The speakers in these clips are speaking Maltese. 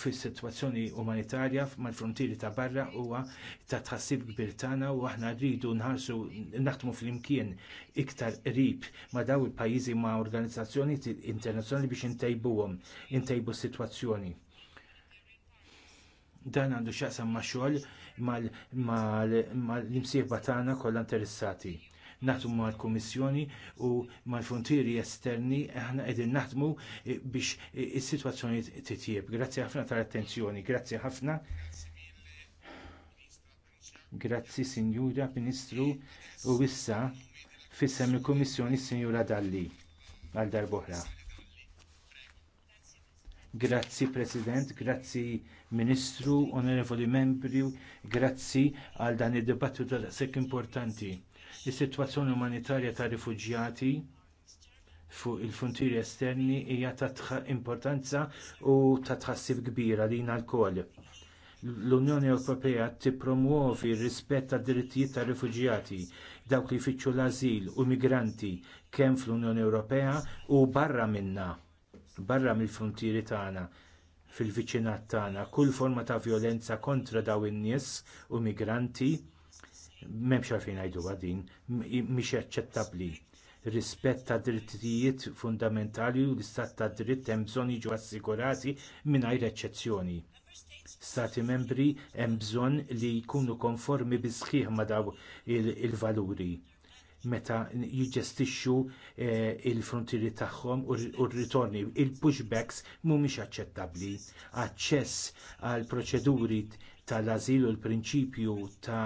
fis-sitwazzjoni umanitarja mal-frontieri ta' barra huwa ta' tħassib kbir tagħna u aħna rridu nħarsu naħdmu flimkien iktar qrib ma' daw il-pajjiżi ma' organizzazzjoni internazzjonali biex intejbuhom, intejbu s-sitwazzjoni. Dan għandu x'jaqsam ma' xogħol mal imsieħba tagħna kollha interessati naħdmu mal-Kummissjoni u mal-Frontieri Esterni aħna qegħdin naħdmu eh, biex eh, is-sitwazzjoni titjieb. Grazzi ħafna tal-attenzjoni, grazzi ħafna. Grazzi Sinjura Ministru u issa fissem il-Kummissjoni Sinjura Dalli għal darbohra. Grazzi President, grazzi Ministru, onorevoli membri, grazzi għal dan id-dibattu ta' sekk importanti. Is-sitwazzjoni umanitarja tar rifuġjati fuq il-frontieri esterni hija ta' importanza u ta' tħassib kbira lina lkoll. L-Unjoni Ewropea tippromuovi r-rispett tad drittijiet tar rifuġjati dawk li jfittxu l-ażil u migranti kemm fl-Unjoni Ewropea u barra minnha, barra mill-frontieri tagħna fil-viċinat tagħna kull forma ta' vjolenza kontra dawn in-nies u migranti memx għalfejn għajdu għadin, miex aċċettabli. Rispett ta' drittijiet fundamentali u l-istat ta' dritt hemm bżonn jiġu assigurati mingħajr eċċezzjoni. Stati membri hemm bżonn li jkunu konformi bi sħiħ ma' daw il-valuri meta jiġestixxu eh, il-frontieri tagħhom u r-ritorni. Il-pushbacks mhumiex aċċettabbli. Aċċess għal proċeduri tal-azil u l-prinċipju ta'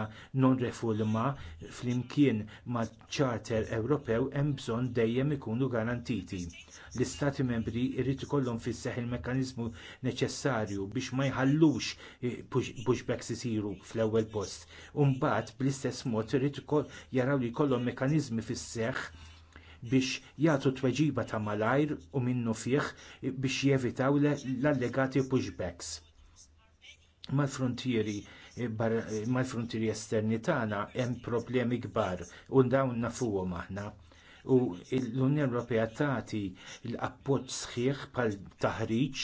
non-refulma flimkien maċ ċarter Ewropew hemm bżonn dejjem ikunu garantiti. L-Istati membri jrid ikollhom fis il-mekkaniżmu neċessarju biex ma jħallux pushbacks eh, isiru fl-ewwel post. U mbagħad bl-istess mod irid jaraw li jkollhom mekkaniżmi fis biex jagħtu tweġiba ta' malajr u minnu fih eh, biex jevitaw l-allegati pushbacks mal-frontieri eh, eh, mal-frontieri esterni tagħna hemm problemi kbar u dawn nafuhom aħna u l-Unjoni Ewropea tagħti l-appoġġ sħiħ bħal taħriġ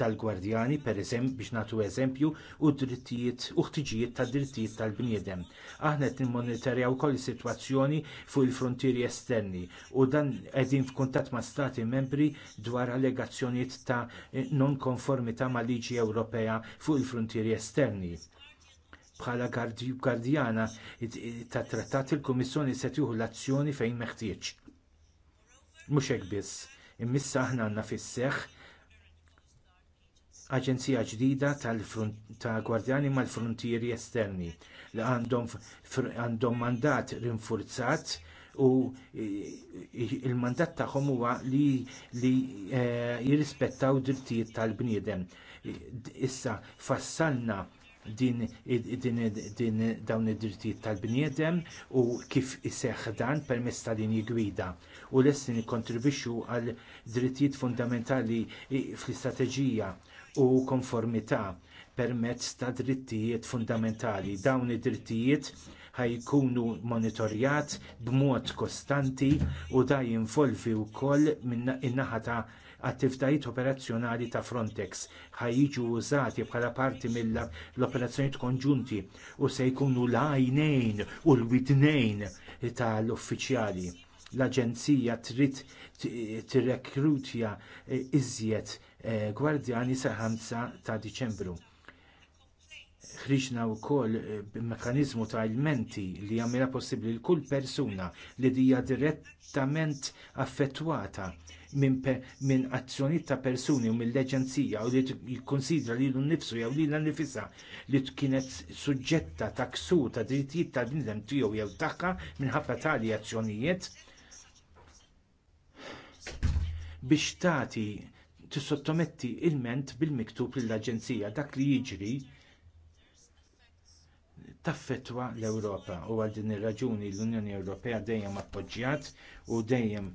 tal-gwardjani pereżemp biex nagħtu eżempju u drittijiet u ħtiġijiet tad drittijiet tal-bniedem. Aħna qed nimmonitorjaw ukoll is-sitwazzjoni fuq il-frontieri esterni u dan qegħdin f'kuntatt ma' stati membri dwar allegazzjonijiet ta' non konformità mal liġi Ewropea fuq il-frontieri esterni bħala gardjana tat trattat il-Kummissjoni se tieħu l-azzjoni fejn meħtieġ. Mhux hekk biss, imissa aħna għandna fis-seħħ aġenzija ġdida ta' gwardjani mal-frontieri esterni li għandhom mandat rinforzat u il-mandat tagħhom huwa li, li eh, jirrispettaw drittijiet tal-bniedem. Issa fassalna din, dawn id-drittijiet tal-bniedem u kif iseħħ dan permezz tal-linji gwida u lessin nikkontribwixxu għal drittijiet fundamentali fl-istrateġija u konformità permezz ta' drittijiet fundamentali. Dawn id-drittijiet ħajkunu monitorjat b'mod kostanti u da jinvolvi wkoll in-naħa ta' attivitajiet operazzjonali ta' Frontex ħajġu użati bħala parti mill-operazzjonijiet konġunti u se jkunu l-għajnejn u l-widnejn tal-uffiċjali. L-Aġenzija trid tirrekrutja iżjed eh, gwardjani sa' 5 ta' Diċembru ħriġna wkoll eh, mekkaniżmu ta' ilmenti li jammira possibbli l kull persuna li hija direttament affettwata minn min ta' persuni u mill-leġenzija u li jikkonsidra lilu nnifsu jew l-nifisa li kienet suġġetta ta' ksu ta' drittijiet ta' bniedem tiegħu jew tagħha minħabba tali azzjonijiet biex tagħti tissottometti ilment bil-miktub lill-Aġenzija dak li jiġri taffetwa l-Ewropa u għal din ir-raġuni l-Unjoni Ewropea dejjem appoġġjat u dejjem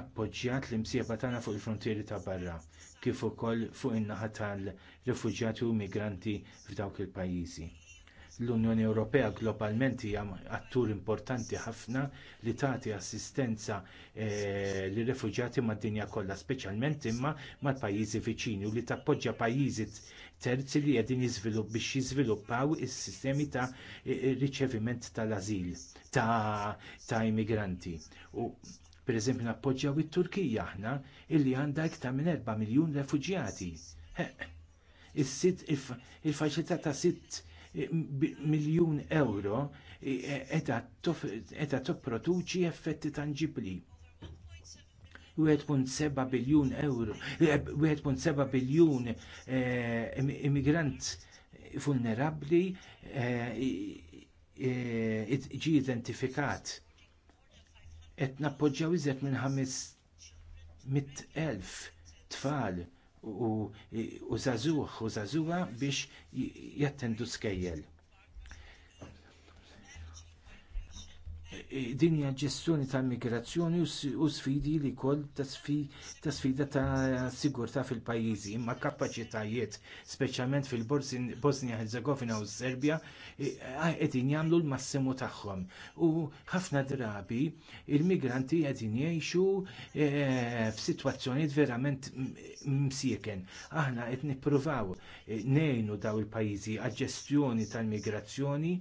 appoġġjat l-imsieba tagħna fuq il-frontieri ta' barra kif ukoll fuq in-naħa tal rifuġjati u migranti f'dawk il-pajjiżi. L-Unjoni Ewropea globalment hija attur importanti ħafna li tagħti assistenza eh, lir refuġjati mad-dinja kollha, speċjalment imma mal-pajjiżi viċini u li tappoġġja pajjiżi terzi li qegħdin jiżvilupp biex jiżviluppaw is-sistemi ta' riċeviment tal-azil ta', ta immigranti. U pereżempju nappoġġjaw it-Turkija aħna illi għandha iktar minn 4 miljun refuġjati. Is-sit il-faċilità ta' 6 miljun euro qed e, topproduċi effetti tangibli. 1.7 biljun euro, 1.7 eh, biljun eh, immigrant vulnerabli eh, ġi identifikat. Et nappoġġaw iżet minn 500.000 tfal u zazuħ u zazuħa biex jattendu skejjel. din hija ġestjoni ta' migrazzjoni u sfidi li kol ta' sfida ta' sigurtà fil-pajjiżi imma kapaċitajiet speċjalment fil-Bosnia Herzegovina u Serbja e, qegħdin jagħmlu l-massimu tagħhom. U ħafna drabi il-migranti qegħdin jgħixu e, f'sitwazzjonijiet verament msieken. Aħna qed nippruvaw e, ngħinu daw il-pajjiżi għal ġestjoni tal-migrazzjoni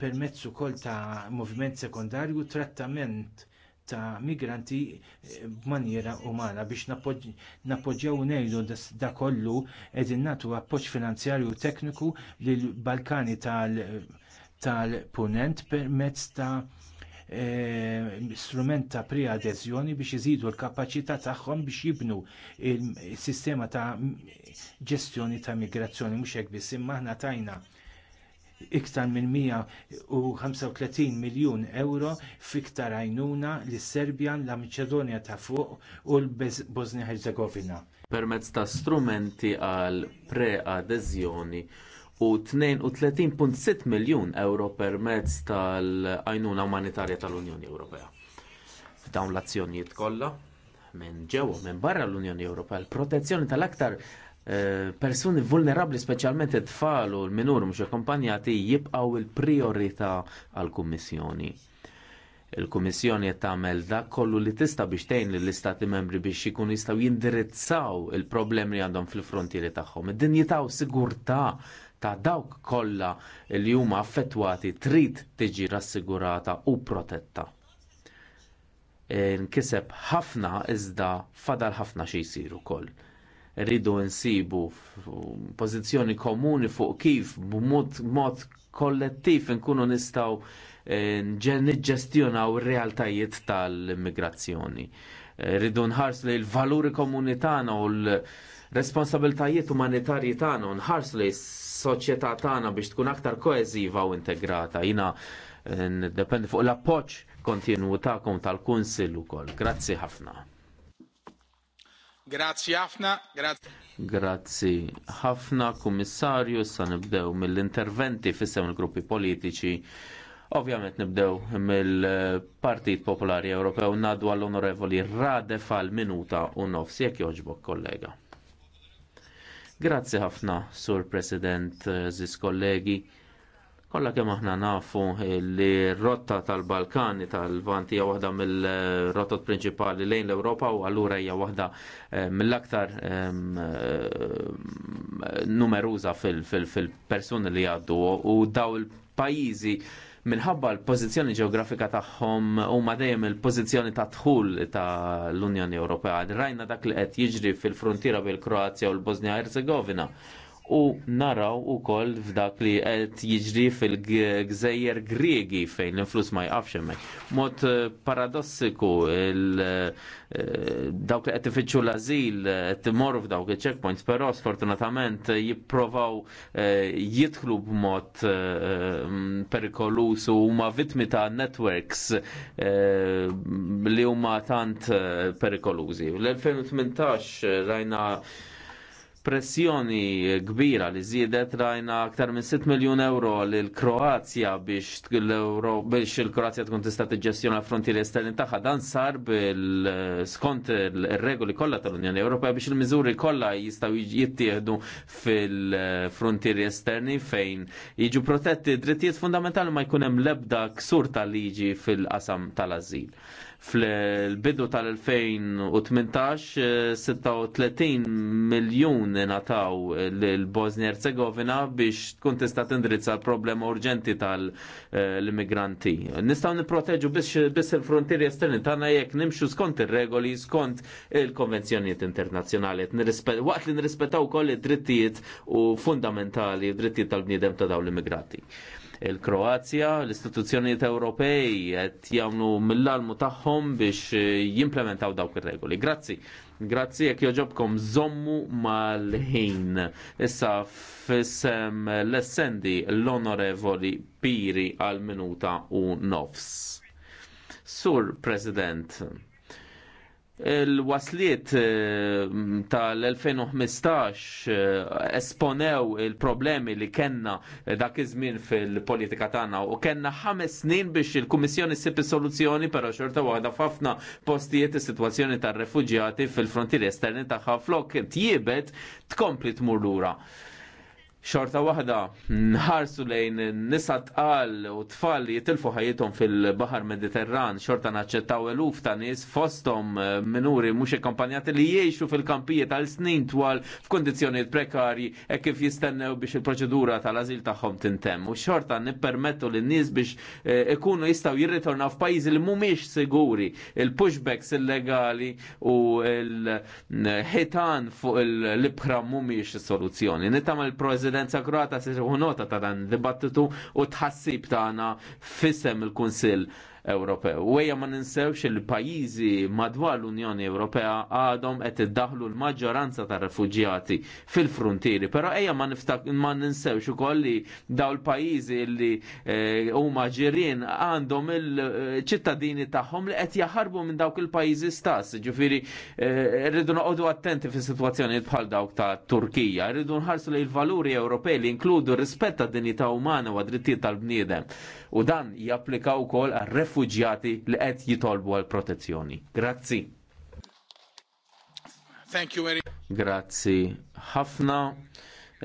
permezz ukoll ta' moviment sekondarju trattament ta' migranti eh, b'maniera umana biex nappoġġjaw ngħidu da kollu qegħdin nagħtu appoġġ finanzjarju tekniku lill Balkani tal-Punent permezz ta' eh, strument ta' preadeżjoni biex iżidu l-kapaċità tagħhom biex jibnu s sistema ta' ġestjoni ta' migrazzjoni mhux hekk biss imma aħna tajna iktar minn 135 miljun euro fiktar għajnuna lis serbja la Maċedonja ta' fuq u l-Bosnia Herzegovina. Permezz ta' strumenti għal pre-adeżjoni u 32.6 miljun euro permezz tal-għajnuna umanitarja tal-Unjoni Ewropea. F'dawn l-azzjonijiet kollha minn ġewwa minn barra l-Unjoni Ewropea l-protezzjoni tal-aktar Eh, persuni vulnerabli speċjalment it-tfal u l-minur mhux akkompanjati jibqgħu il prijorità għall-Kummissjoni. Il-Kummissjoni qed tagħmel dak kollu li tista' biex tgħin lill-Istati membri biex ikunu jistgħu jindirizzaw il-problemi li għandhom fil-frontieri tagħhom. Id-dinjità u sigurtà ta' dawk kollha li huma affettwati trid tiġi rassigurata u protetta. Nkiseb ħafna iżda fadal ħafna xi jsir ukoll rridu nsibu pozizjoni komuni fuq kif b'mod mod kollettiv nkunu nistgħu eh, niġġestjonaw ir-realtajiet tal-immigrazzjoni. Eh, rridu nħars li l-valuri komuni tagħna u l-responsabiltajiet umanitarji tagħna nħars li s-soċjetà tagħna biex tkun aktar koeżiva u integrata. Jina eh, dependi fuq l-appoġġ kontinwu tagħkom tal-Kunsill ukoll. Grazzi ħafna. Grazzi ħafna, grazzi. Grazzi ħafna, kummissarju, sa nibdew mill-interventi fissem il-gruppi politiċi. Ovvjament nibdew mill-Partit Popolari Ewropew nadu għall-Onorevoli Rade fal minuta u nofs jekk joġbok kollega. Grazzi ħafna, Sur President, eh, ziz kollegi Kolla kemm aħna nafu li rotta tal-Balkani tal-Vanti hija waħda mill-rotot prinċipali lejn l-Ewropa u allura hija waħda eh, mill-aktar eh, mm, eh, numeruża fil-persuni li għaddu u daw il-pajjiżi minħabba l-pozizjoni ġeografika tagħhom huma dejjem il-pożizzjoni ta' dħul tal-Unjoni Ewropea. Rajna dak li qed jiġri fil-frontiera bil-Kroazja u l-Bosnia Herzegovina u naraw ukoll f'dak li qed jiġri fil-gżejjer Griegi fejn l-influss ma jqafx hemmhekk. Mod eh, paradossiku eh, dawk li qed tifittxu l-ażil eh, qed imorru f'dawk il-checkpoints, però sfortunatament jipprovaw jidħlu b'mod mm, perikolus u huma vittmi ta' networks li huma tant perikolużi. L-2018 rajna pressjoni kbira li żiedet rajna aktar minn 6 miljun euro lil Kroazja biex biex il-Kroazja tkun tista' tiġġestjona l-frontieri esterni tagħha dan sar bil skont ir-regoli kollha tal-Unjoni Ewropea biex il-miżuri kollha jistgħu jittieħdu fil-frontieri esterni fejn jiġu protetti drittijiet fundamentali ma jkun hemm l-ebda ksur tal-liġi fil-qasam tal-ażil. Fl-bidu tal-2018 36 eh, miljun nataw l-Bosnia e Herzegovina biex tkun tista' tindrizza l-problema urġenti tal-immigranti. Nistgħu nipproteġu biss il-frontieri esterni tagħna jekk nimxu skont ir-regoli skont il-konvenzjonijiet internazzjonali. Waqt li nirrispettaw koll id-drittijiet u fundamentali, id-drittijiet tal-bniedem ta' dawn l-immigrati il-Kroazja, l-istituzzjonijiet Ewropej qed jagħmlu mill-almu tagħhom biex eh, jimplementaw dawk ir-regoli. Grazzi. Grazzi jekk joġobkom żommu mal-ħin. Issa fissem l-essendi l-onorevoli Piri għal minuta u nofs. Sur President, il-wasliet eh, tal-2015 eh, esponew il-problemi li kenna eh, dak iż-żmien fil-politika tagħna u kenna ħames snin biex il-Kummissjoni ssib soluzzjoni però xorta waħda f'ħafna postijiet is-sitwazzjoni tar-refuġjati fil-frontieri esterni tagħha flok tjiebet tkompli tmur lura xorta waħda nħarsu lejn nisa tqal u tfal li jitilfu ħajjithom fil-Bahar Mediterran, xorta naċċettaw eluf ta' nies fosthom eh, minuri mhux ikkompanjati li jgħixu fil-kampijiet għal snin twal f'kundizzjonijiet prekarji e kif jistennew biex il-proċedura tal-azil tagħhom tintemm. U xorta nippermettu lin nies biex eh, ikunu jistgħu jirritorna f'pajjiżi li mhumiex siguri, il-pushbacks illegali u l-ħitan fuq il-libħra mhumiex soluzzjoni Nitama il-preżent presidenza Kroata se nota ta' dan dibattitu u tħassib tagħna fissem il-Kunsill. Ewropew. U ejja ma ninsewx il-pajjiżi madwar l-Unjoni Ewropea għadhom qed iddaħlu l-maġġoranza ta' refuġjati fil-frontieri, però ejja ma, ma ninsewx ukoll li daw l-pajjiżi li eh, huma e, ġirien għandhom il-ċittadini tagħhom li qed jaħarbu minn dawk il-pajjiżi stess. Ġifieri eh, rridu noqogħdu attenti fi situazzjoni bħal dawk ta' Turkija, rridu nħarsu li l-valuri Ewropej li inkludu rispett tad-dinjità umana u għad-drittijiet tal-bniedem. U dan japplika wkoll għal refugjati li qed jitolbu għal protezzjoni. Grazzi. Thank you very Grazzi ħafna.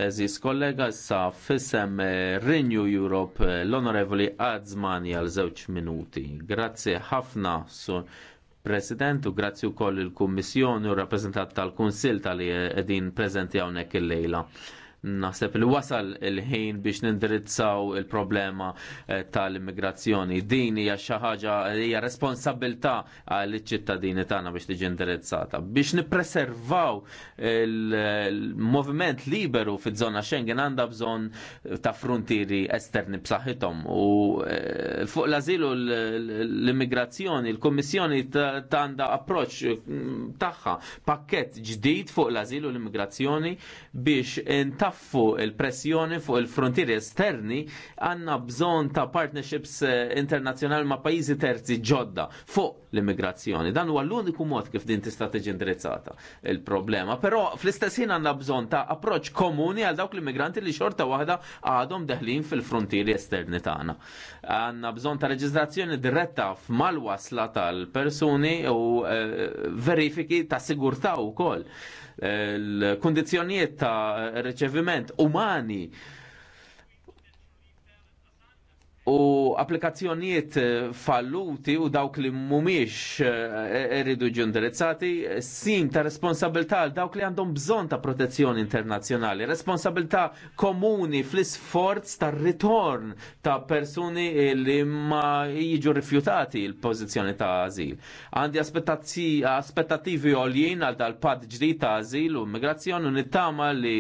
Eżis kollega sa fissem eh, Renew Europe eh, l-Onorevoli għadżmani għal żewġ minuti. Grazzi ħafna su President u grazzi wkoll il-Kummissjoni u rappresentant tal-Kunsil tal-li edin eh, prezenti hawnhekk il-lejla. Naħseb li wasal il-ħin biex nindirizzaw il-problema eh, tal-immigrazzjoni. Din hija xi ħaġa li hija responsabilità għall ċittadini tagħna biex tiġi indirizzata. Biex nippreservaw il-moviment liberu fiż-żona Schengen għandha bżonn ta' frontieri esterni b'saħħithom u eh, fuq l-azilu l-immigrazzjoni, l kummissjoni tanda approċċ mm, tagħha pakkett ġdid fuq l-azilu l-immigrazzjoni biex intaf fuq il-pressjoni fuq il-frontieri esterni għanna bżon ta' partnerships eh, internazzjonali ma' pajizi terzi ġodda fuq l-immigrazzjoni. Dan huwa l-uniku mod kif din tista' tiġi indirizzata il-problema. Però fl-istess ħin għandna bżonn ta' approċċ komuni għal dawk l-immigranti li xorta waħda għadhom deħlin fil-frontieri esterni tagħna. Għanna bżonn ta' reġistrazzjoni diretta f'mal-wasla tal-persuni u eh, verifiki ta' sigurtà wkoll. Eh, l-kondizjonijiet ta' reċeviment umani u applikazzjonijiet eh, falluti u dawk li mumiex irridu eh, e- ġu indirizzati eh, sim ta' responsabilità għal dawk li għandhom bżon ta' protezzjoni internazzjonali, responsabilità komuni fl-isforz ta' ritorn ta' persuni li ma jiġu rifjutati il-pozizjoni ta' azil. Għandi aspettativi għoljien għal dal-pad ġdid ta' azil u immigrazzjoni u nittama li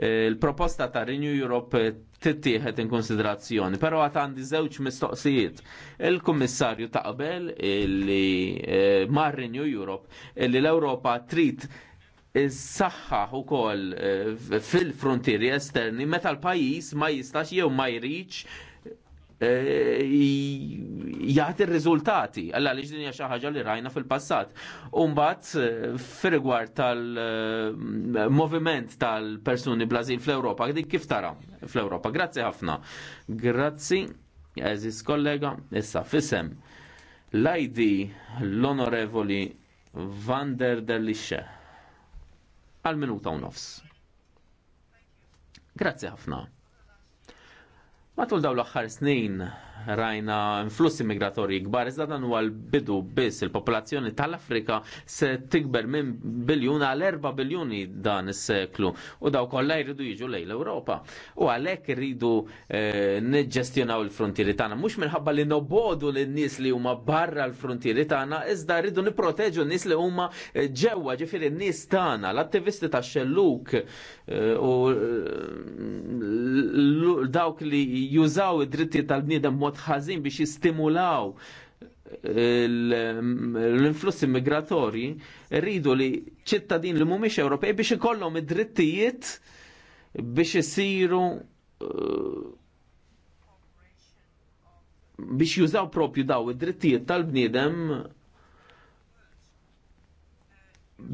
l-proposta ta' Renew Europe tittieħed in konsiderazzjoni, però għat għandi żewġ mistoqsijiet. Il-Kummissarju taqbel li eh, marri New Europe li l-Ewropa trid is-saħħa ukoll eh, fil-frontieri esterni meta l-pajjiż ma jistax jew ma jriċ Eh, jgħat il-rizultati, għalla li ġdinja xaħġa li rajna fil-passat. Umbat, eh, fil-rigward tal-moviment eh, tal-personi blazil fl-Europa, dik kif tara fl-Europa. Grazzi ħafna. Grazzi, eżis kollega, issa fissem. Lajdi l-onorevoli Van der Delisce. Għal-minuta u nofs. Grazzi ħafna. Matul daw l-axħar snin rajna flussi migratorji kbar, iżda dan huwa l-bidu biss il-popolazzjoni tal-Afrika se tikber minn biljun għal 4 biljuni dan is-seklu u daw kollha jridu jiġu lejn l-Ewropa. U għalhekk irridu eh, niġġestjonaw il-frontieri tagħna mhux minħabba li nobodu lin nies li huma barra l-frontieri tagħna, iżda rridu nipproteġu n-nies li huma eh, ġewwa ġifieri n-nies tagħna, l-attivisti tax-xelluk eh, u dawk li jużaw id-dritti tal-bniedem mod ħażin biex jistimulaw eh, l-influssi immigratori rridu li ċittadin li mhumiex Ewropej biex ikollhom id-drittijiet biex isiru eh, biex jużaw propju daw id-drittijiet tal-bniedem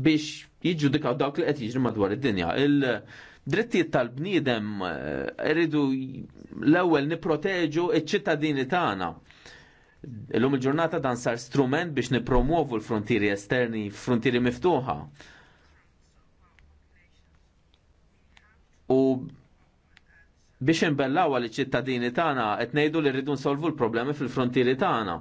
biex jiġġudikaw dawk li qed jiġri madwar id-dinja drittijiet tal-bniedem rridu eh, l-ewwel nipproteġu iċ-ċittadini tagħna. Illum il-ġurnata dan sar strument biex nipromuovu l-frontieri esterni, frontieri miftuħa. U biex imbellaw għal ċittadini tagħna qed ngħidu li rridu nsolvu l-problemi fil-frontieri tagħna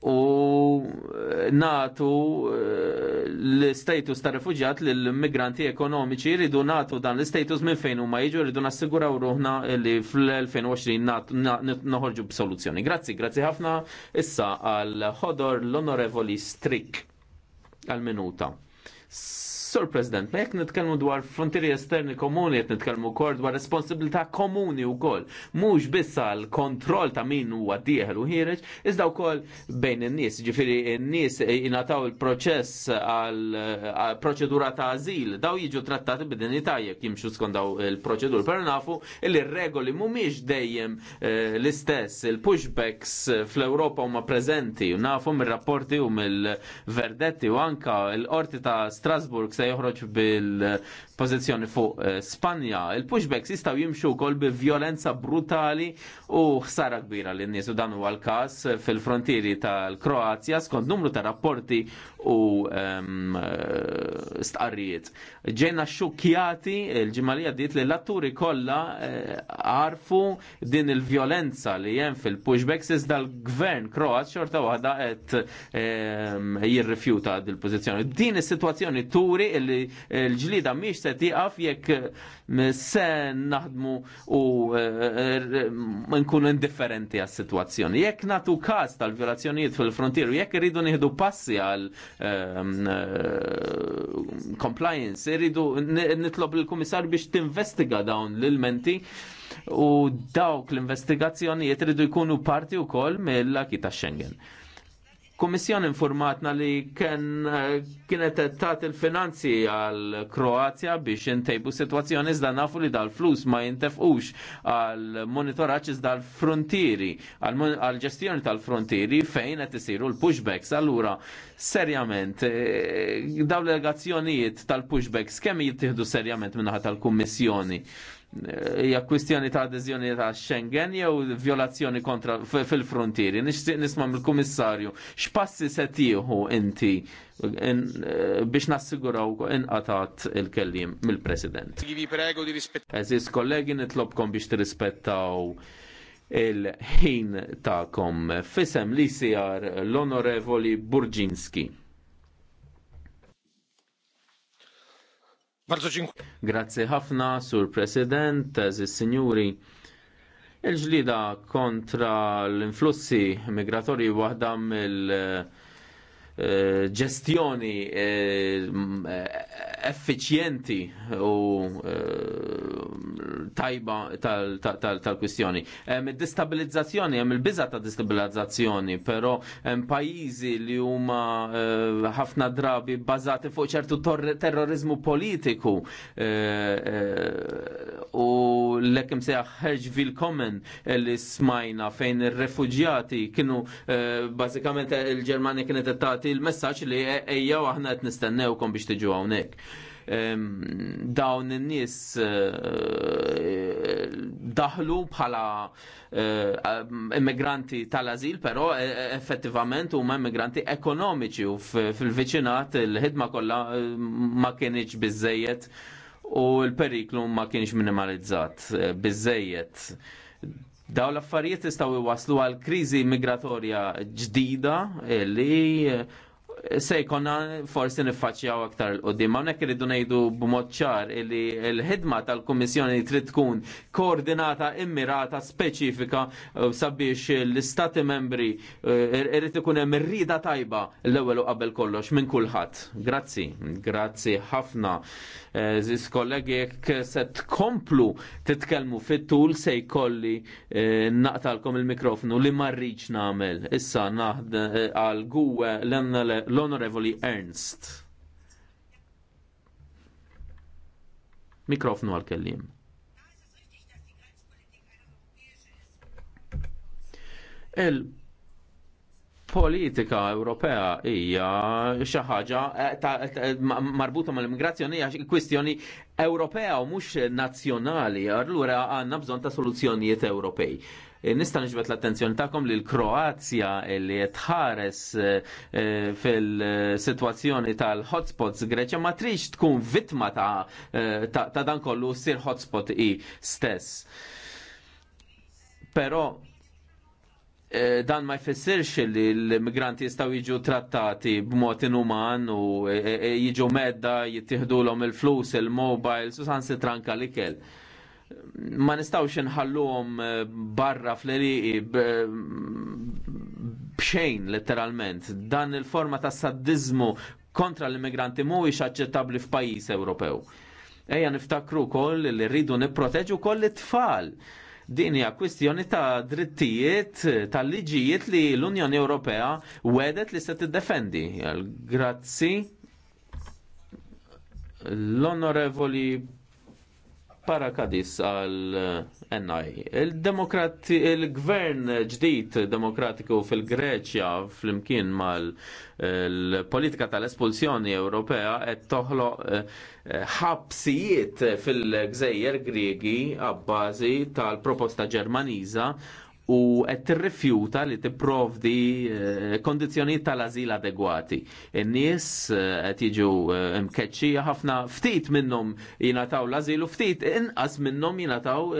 u eh, natu eh, l-status ta' refugjat l-migranti ekonomiċi ridu natu dan l-status minn fejn huma jiġu rridu nassiguraw ruħna li fl-2020 noħorġu b'soluzzjoni. Grazzi, grazzi ħafna issa għal ħodor l-onorevoli Strik għal minuta. Sur President, ma jekk nitkellmu dwar frontieri esterni komuni qed nitkellmu wkoll dwar responsabilità komuni wkoll, mhux biss għal kontroll ta' min huwa dieħel u ħireġ, iżda wkoll bejn in-nies, ġifieri n nies jingħataw il-proċess għal proċedura ta' azil, daw jiġu trattati b'dinità jekk jimxu skont daw il-proċedur, però nafu li regoli mhumiex dejjem eh, l-istess, il-pushbacks fl-Ewropa huma preżenti, nafu mir-rapporti u mill-verdetti u anka l-qorti ta' Strasburg se se joħroġ bil pożizzjoni fuq eh, Spanja. Il-pushbacks jistgħu jimxu wkoll bi violenza brutali u ħsara kbira li nies u dan huwa l-każ fil-frontieri tal-Kroazja skont numru ta' rapporti u um, stqarrijiet. Ġejna xukjati l-ġimalija dit li l-atturi kollha eh, għarfu din il-violenza li hemm fil-pushbacks iżda l-gvern Kroat xorta waħda qed ehm, jirrifjuta dil pozizjoni Din is-sitwazzjoni turi il l-ġlida miex se tiqaf jekk eh, se naħdmu u eh, nkunu indifferenti għas situazzjoni Jekk natu każ tal-violazzjonijiet fil-frontieru, jekk rridu nieħdu passi għal ehm, eh, compliance, irridu nitlob il-komissar biex tinvestiga dawn l menti u dawk l-investigazzjonijiet irridu jkunu parti wkoll mill-akita Schengen. Komissjon informatna li ken, kienet tat il-finanzi għal Kroazja biex intejbu situazzjoni iżda nafu li dal-flus ma jintefqux għal monitoraċ iżda l-frontieri, għal ġestjoni tal-frontieri fejn qed isiru l-pushbacks. Allura, serjament, e, daw l-legazzjonijiet tal-pushbacks kemm jittieħdu serjament minnaħat tal-Kummissjoni? hija kwistjoni ta' adeżjoni ta' Schengen jew violazzjoni kontra fil-frontieri. Nixtieq nisma' mill-Kummissarju x'passi se tieħu inti eh, biex nassiguraw inqatat il-kellim mill-President. Eżis kollegi nitlobkom biex tirrispettaw il-ħin ta'kom. Fisem li sijar l-Onorevoli Burġinski. Grazzi ħafna, Sur President, Aziz Signuri. Il-ġlida kontra l-influssi migratorji waħda mill- ġestjoni eh, eh, effiċjenti u eh, tajba tal-kwistjoni. Hemm id-distabilizzazzjoni, hemm il-biża ta' distabilizzazzjoni, però hemm pajjiżi li huma ħafna drabi bbażati fuq ċertu terrorizmu politiku u l-ekim seħ Hedgeville komen eh, l-ismajna fejn il-refugjati kienu eh, bazikament il-Germania kienet tagħti il-messaġġ li e, ejja aħna qed nistennewkom biex tiġu hawnhekk. Dawn in-nies eh, daħlu bħala immigranti tal-azil, però effettivament huma emigranti ekonomiċi u fil-viċinat il-ħidma kollha ma kienieċ biżejjed u l-periklu ma kienx minimalizzat eh, bizzejiet. Daw l-affarijiet istaw waslu għal kriżi migratorja ġdida eh, li eh, se jkonna forsi niffaċċjaw aktar l-qoddim. Hawnhekk iridu ngħidu b'mod ċar li l-ħidma tal-Kummissjoni trid tkun koordinata, immirata, speċifika uh, sabiex l-Istati membri uh, irrid ikun hemm rida tajba l-ewwel u qabel kollox minn kulħadd. Grazzi, grazzi ħafna. Ziz kollegi jekk se tkomplu titkellmu fit-tul se jkolli eh, naqtalkom il-mikrofonu li marriċ nagħmel. Issa naħd eh, għal gwe l le l-Onorevoli Ernst. Mikrofnu għal-kellim. El politika Ewropea hija xi ħaġa eh, marbuta mal-immigrazzjoni hija kwistjoni Ewropea u mhux nazzjonali, allura għandna bżonn ta' soluzzjonijiet Ewropej. Eh, nista' nġbet l-attenzjoni tagħkom li l-Kroazja li tħares eh, fil-sitwazzjoni tal-hotspots Greċja ma trix tkun vittma ta' dan kollu sir hotspot i stess. Però Eh, dan ma jfissirx li l-migranti jistaw jiġu trattati b'mod inuman u e, e, e, jiġu medda jittieħdu l il-flus, il-mobile, susan sitranka li kell. Ma nistawx nħalluhom eh, barra fl-eriqi bxejn letteralment. Dan il-forma ta' saddizmu kontra l-immigranti mhuwiex aċċettabbli f'pajjiż Ewropew. Ejja niftakru koll li rridu nipproteġu koll it-tfal Din hija kwistjoni ta' drittijiet, tal liġijiet li l-Unjoni Ewropea wedet li se tiddefendi. Grazzi. L-Onorevoli Parakadis għal eh, NI. Il-gvern il ġdid demokratiku fil-Greċja fl-imkien mal-politika eh, tal-espulsjoni Ewropea qed toħloq eh, ħabsijiet fil-gżejjer Griegi għabbażi tal-proposta Ġermaniża u qed tirrifjuta li tipprovdi eh, kondizzjonijiet tal-azil adegwati. In-nies eh, qed jiġu eh, mkeċċija ħafna ftit minnhom jingħataw l-azil u ftit inqas minnhom jingħataw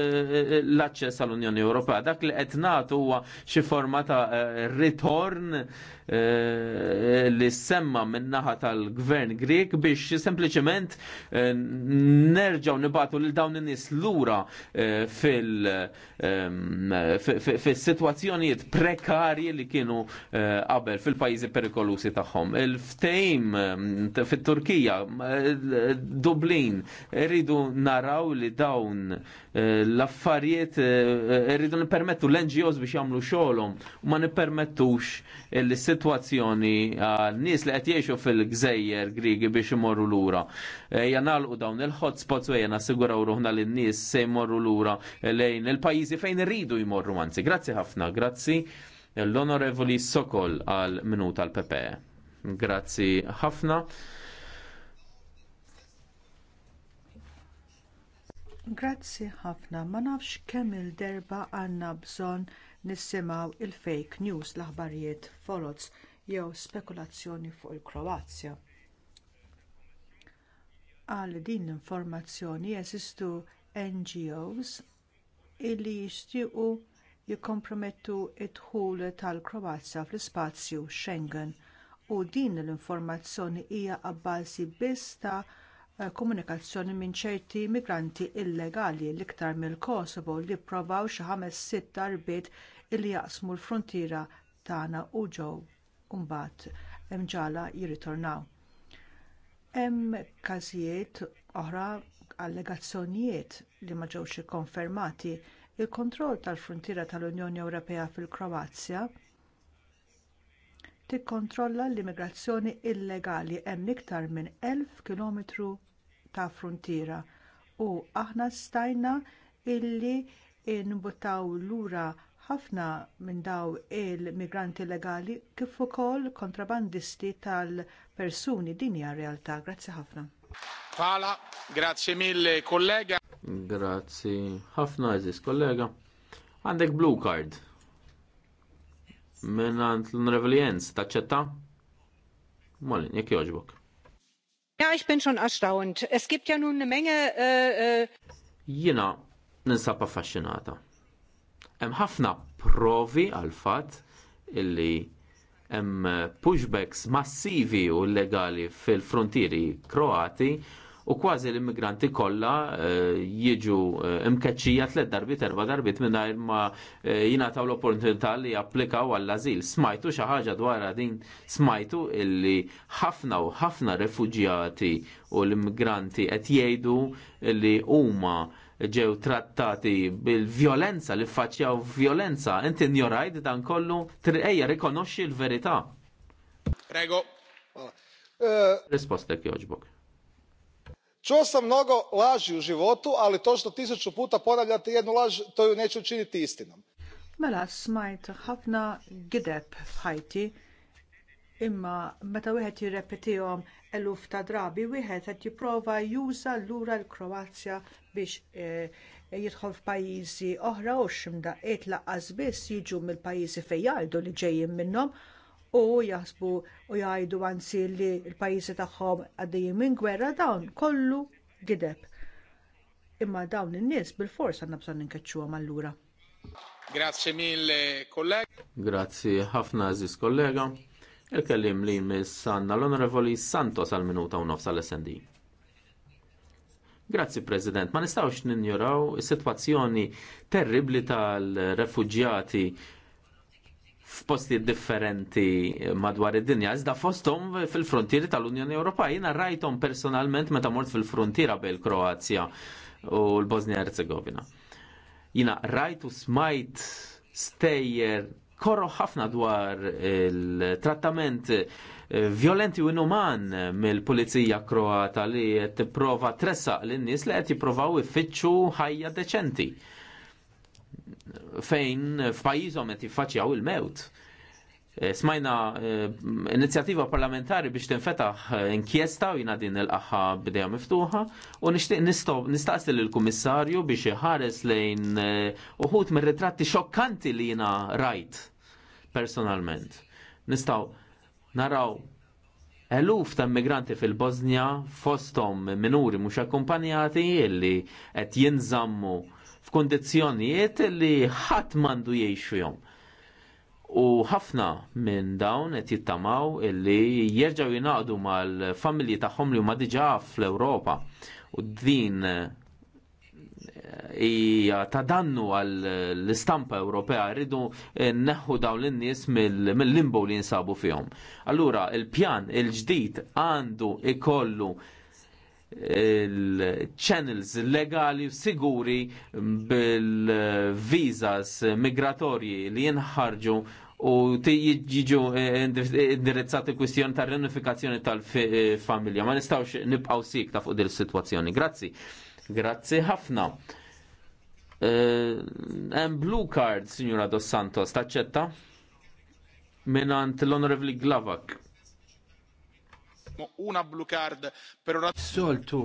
l-aċċess għall-Unjoni Ewropea. Dak li qed nagħtu huwa xi forma ta' ritorn Eh, li semma minnaħa tal-gvern Grek biex sempliciment eh, nerġaw nibatu lil dawn in-nies lura eh, fil ehm, situazzjoniet prekarji li kienu qabel fil-pajjiżi perikolusi tagħhom. Il-ftejm fit-Turkija, Dublin, rridu naraw li dawn l-affarijiet rridu nippermettu l-NGOs biex jagħmlu xogħolhom ma nippermettux li situazzjoni eh, nis li qed jgħixu fil-gżejjer Grigi biex imorru lura. Ejja eh, nagħlqu dawn il-hotspots u nassiguraw ruħna lin nies se jmorru lura lejn il-pajjiżi fejn irridu jmorru anzi. Grazzi ħafna, grazzi l-Onorevoli Sokol għal minuta l pepe Grazzi ħafna. Grazzi ħafna, ma nafx kemm il-derba għandna bżonn nissimaw il-fake news l-aħbarijiet forots jew spekulazzjoni fuq il-Kroazja. Għal din l-informazzjoni jeżistu NGOs illi jixtiequ jikkompromettu d dħul tal-Kroazja fl-ispazju Schengen u din l-informazzjoni hija abbażi biss ta' eh, komunikazzjoni minn ċerti migranti illegali l-iktar mill-Kosovo li pprovaw xi ħames sitt darbiet illi jaqsmu l-frontiera tagħna u ġew mbagħad hemm ġala jirritornaw. Hemm każijiet oħra allegazzjonijiet li ma ġewx ikkonfermati il-kontroll tal-frontiera tal-Unjoni Ewropea fil-Kroazja tikkontrolla l-immigrazzjoni illegali hemm iktar minn elf km ta' fruntiera u aħna stajna illi nbuttaw lura ħafna minn daw il-migranti legali kif ukoll kontrabandisti tal-persuni din hija realtà. Grazzi ħafna. Pala, grazzi mille kollega. Grazzi ħafna eżis kollega. Għandek blue card. Minn għand l-Nrevelienz, taċċetta? Mollin, jek joġbok. Ja, ich bin schon erstaunt. Es gibt ja nun eine Menge... Äh, äh, Jina, ninsab affaxxinata. Hemm ħafna provi għal fatt illi hemm pushbacks massivi u illegali fil-frontieri kroati u kważi l-immigranti kollha eh, jiġu mkeċċija eh, imkeċċija tliet darbit, erba darbit mingħajr ma eh, jingħataw l-opportunità li japplikaw għall ażil Smajtu xi ħaġa dwar din smajtu illi ħafna u ħafna refuġjati u l-immigranti qed jgħidu li huma ġew trattati bil-violenza, li faċċjaw violenza, inti njorajt dan kollu, ejja rikonoxxi l-verità. Prego. Eh, Rispostek joġbok. Čuo sam mnogo laži u životu, ali to što tisuću puta ponavljate jednu laž, to ju neću učiniti istinom. Mela smajt hafna gideb f'ħajti imma meta wieħed repetijom eluf ta' drabi wieħed qed jipprova juża lura l-Kroazja biex eh, jidħol f'pajjiżi oħra u x'imdaqqiet laqas biss jiġu mill-pajjiżi fejn jgħidu li ġejjin minnhom u jaħsbu u jgħidu anzi li l-pajjiżi tagħhom għaddejjin minn gwerra dawn kollu gideb. Imma dawn in-nies bil-fors għandna bżonn inkeċċuhom allura. Grazzi mille kollega. Grazzi ħafna aziz kollega. Il-kellim li miss Sanna l-Onorevoli Santos għal minuta u nofs għal SND. Grazzi President, ma nistawx ninjoraw is-sitwazzjoni terribli tal-refuġjati f'posti differenti madwar id-dinja. Iżda fosthom fil-frontieri tal-Unjoni Ewropea. Jina rajthom personalment meta mort fil-frontiera bejn Kroazja u l-Bosnia Herzegovina. Jiena rajt u smajt stejjer korro ħafna dwar il-trattament eh, violenti u inuman mill-pulizija kroata li qed tipprova tressa lin-nies li qed jipprovaw ifittxu ħajja deċenti fejn f'pajjiżhom qed jiffaċċjaw il-mewt. Eh, smajna eh, inizjattiva parlamentari biex tinfetaħ eh, inkjesta u jina din il-qaħħa bidejja miftuħa u nistaqsi lill kummissarju biex iħares lejn eh, uħud uħut mir ritratti xokkanti li jina rajt personalment. Nistaw naraw eluf ta' migranti fil-Bosnja fostom minuri mhux akkumpanjati illi qed jinżammu f'kundizzjonijiet li ħadd m'għandu jgħixu jom U ħafna minn dawn qed jittamaw illi jerġgħu jingħaqdu mal-familji tagħhom li huma diġà fl-Ewropa. U din eh, hija ta' dannu għall istampa Ewropea rridu eh, neħħu dawn lin-nies mill-limbo li jinsabu fihom. Allura il-pjan il-ġdid għandu ikollu il-channels legali siguri bil-visas migratorji li jinħarġu u jiġu eh, indirizzati kwistjoni ta' renifikazzjoni tal-familja. Ma nistawx nibqaw sik ta' fuq dil-situazzjoni. Grazzi. Grazzi ħafna. Hemm eh, blue card, Signora Dos Santos, taċċetta? Minant l-Onorevli Glavak. Una blue card per ora. Soltu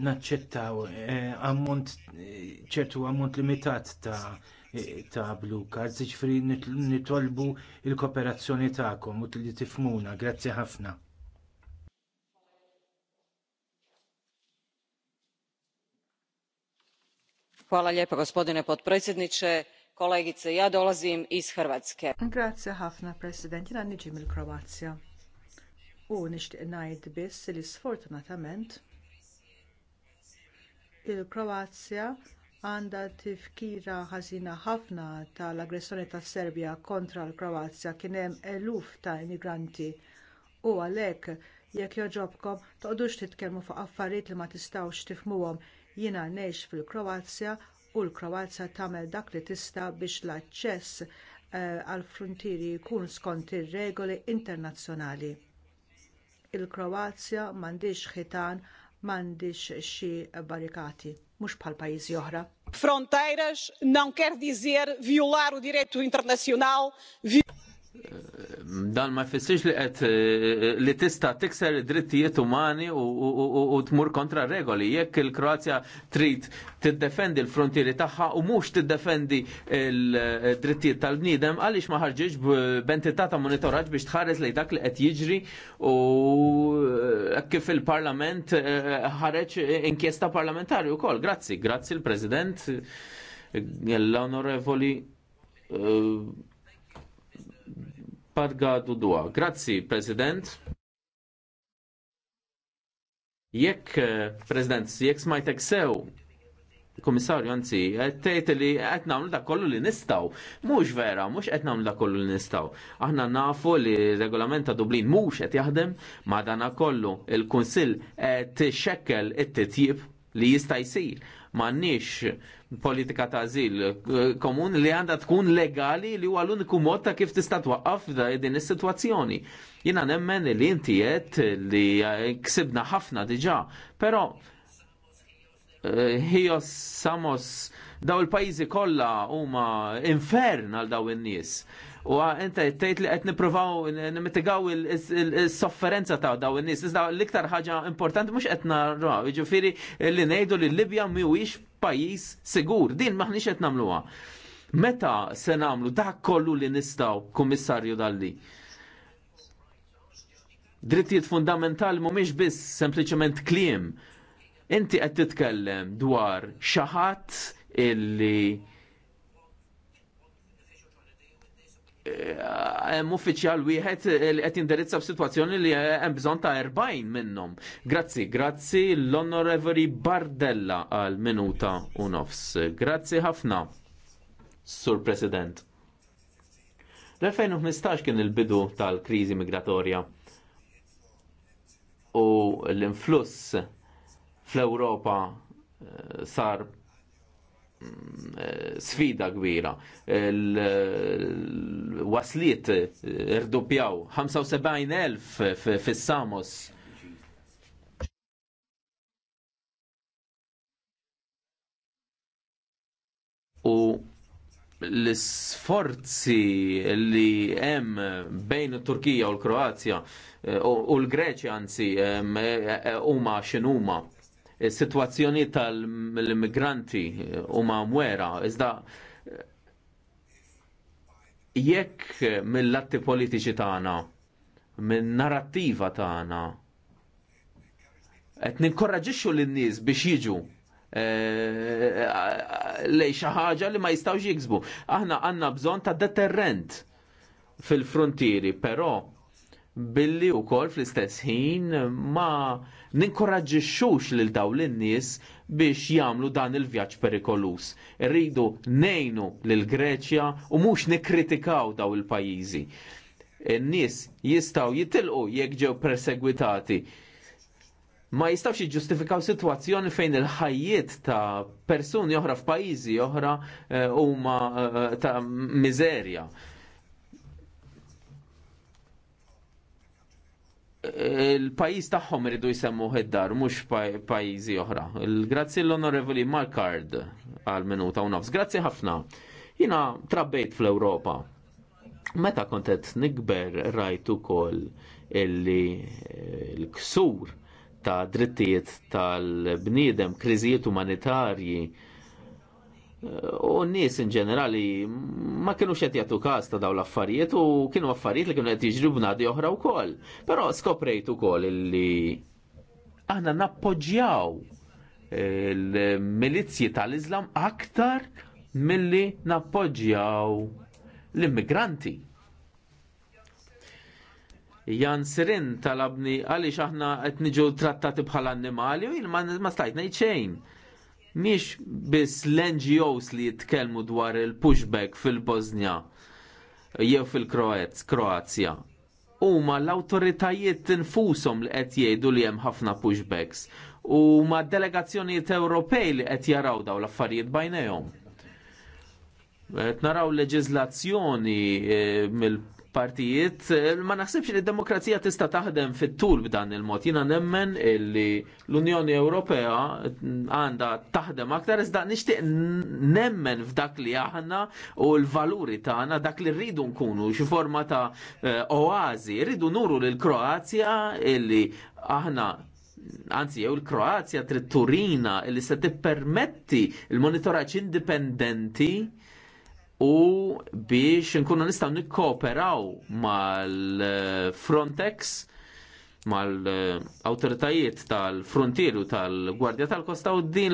naċċettaw eh, ammont eh, ċertu ammont limitat ta' eh, ta' blue cards, ġifri nitolbu il kooperazzjoni ta'kom u li tifmuna, grazie ħafna. Hvala gospodine potpredsjedniče kolegice ja dolazim iz hrvatske. grazie hafna, president jiena niġi mill-kroazja. U nixtieq ngħid biss li sfortunatament il-Kroazja għandha tifkira ħażina ħafna tal-aggressjoni tas Serbja kontra l-Kroazja kien hemm eluf ta' immigranti u għalhekk jekk joġobkom toqdux titkellmu fuq affarijiet li ma tistgħux tifhmuhom jiena ngħix fil-Kroazja u l-Kroazja tagħmel dak li tista' biex l-aċċess eh, għall-fruntieri jkun skont ir-regoli internazzjonali il-Kroazja m'għandix ħitan m'għandix xi barrikati, mhux bħal pajjiżi oħra. Fronteiras non quer dizer violar o direito internacional. Vi dan ma jfissirx li qed eh, li tista' tikser drittijiet umani u tmur kontra regoli. Jekk il-Kroazja trid tiddefendi l-frontieri tagħha u mhux tiddefendi l-drittijiet tal-bniedem għaliex ma ħarġiex b'entità ta' monitoraġġ biex tħares lejn dak li qed jiġri u eh, kif il-Parlament eh, ħareġ inkjesta parlamentari wkoll. Grazzi, grazzi l-President l-Onorevoli Padgadu Dua. Grazzi, President. Jekk, eh, President, jekk smajtek sew, komissarju, anzi, għettejt li qed nagħmlu dak kollu li nistgħu. Mhux vera, mhux qed nagħmlu dak kollu li nistgħu. Aħna nafu li regolament ta' Dublin mhux qed jaħdem, ma dana kollu il-Kunsill qed tixxekkel t titjib li jista' jsir m'għandniex politika ta' azil eh, komun li għandha tkun legali li huwa l-uniku mod ta' kif tista' twaqqaf din is-sitwazzjoni. Jiena nemmen li inti qed li eh, ksibna ħafna diġà, però Hios eh, Samos daw il-pajjiżi kollha huma infern għal daw in-nies. U inta tgħid li qed nippruvaw nimitigaw is-sofferenza ta' daw in-nies. Iżda l-iktar ħaġa importanti mhux qed narraw, jiġifieri li ngħidu li Libja mhuwiex pajjiż sigur. Din maħniex qed nagħmluha. Meta se nagħmlu dak kollu li nistaw Kummissarju Dalli? Drittijiet fundamentali mhumiex biss sempliċement kliem. Inti qed titkellem dwar xi ħadd illi Eh, hemm uffiċjal wieħed eh, li qed jindirizza f'sitwazzjoni li eh, hemm bżonn ta' 40 minnhom. Grazzi, grazzi l-Onorevoli Bardella għal minuta u nofs. Grazzi ħafna, Sur President. L-2015 kien il-bidu tal-kriżi migratorja u l-influss fl-Ewropa sar Eh, sfida kbira. Wasliet irdupjaw 75.000 fis-Samos. U l-sforzi li hemm bejn it-Turkija u l-Kroazja eh, u l-Greċja anzi eh, huma xinuma situazzjoni tal-immigranti u ma' mwera, iżda eh, jekk mill-atti politiċi tagħna, mill-narrattiva tagħna, qed ninkorraġixxu lin-nies biex jiġu eh, eh, lej xi ħaġa li ma jistgħux jiksbu. Aħna għandna bżonn ta' deterrent fil-frontieri, però billi u kol fl-istess ħin ma xux lil daw l-nies biex jagħmlu dan il-vjaġġ perikolus. Irridu nejnu lil Greċja u mhux nikkritikaw daw il-pajjiżi. In-nies jistgħu jitilqu jekk ġew persegwitati. Ma jistawx jiġġustifikaw sitwazzjoni fejn il-ħajjiet ta' persuni oħra f'pajjiżi oħra eh, huma eh, ta' miżerja. il-pajis tagħhom iridu jsemmu id-dar mhux pajjiżi oħra. Grazzi l-Onorevoli Markard għal minuta u nofs. Grazzi ħafna. Jina trabbejt fl-Ewropa. Meta kont qed nikber rajt ukoll illi eh, l-ksur ta' drittijiet tal-bniedem, kriżijiet umanitarji, u n nis in ġenerali ma kienu xed jagħtu każ ta' dawn l-affarijiet u kienu affarijiet li kienu qed jiġru b'nadi oħra wkoll. Però skoprejt ukoll li aħna nappoġġjaw il-milizji tal-Islam aktar milli nappoġġjaw l-immigranti. Jan Sirin talabni għaliex aħna qed niġu trattati bħala annimali u jien ma stajt ngħid xejn Mhix biss l-NGOs li jitkellmu dwar il-pushback fil-Bosnja jew fil-Kroazja. Huma l-awtoritajiet infushom li qed jgħidu li hemm ħafna pushbacks u delegazzjonijiet Ewropej li qed jaraw daw l-affarijiet bajnejhom. Qed naraw leġiżlazzjoni eh, mill partijiet, eh, ma naħsibx li d-demokrazija tista' taħdem fit-tul b'dan il-mod. Jina nemmen li l-Unjoni Ewropea eh, għandha taħdem aktar iżda nixtieq nemmen f'dak li aħna u l-valuri tagħna dak li rridu nkunu xi forma ta' eh, oazi, rridu nuru lil Kroazja illi aħna anzi jew il-Kroazja trid turina illi se tippermetti il-monitoraġġ indipendenti u biex nkunu nistaw nikkooperaw mal-Frontex mal-autoritajiet tal-frontieru tal-Gwardja tal-Kosta u din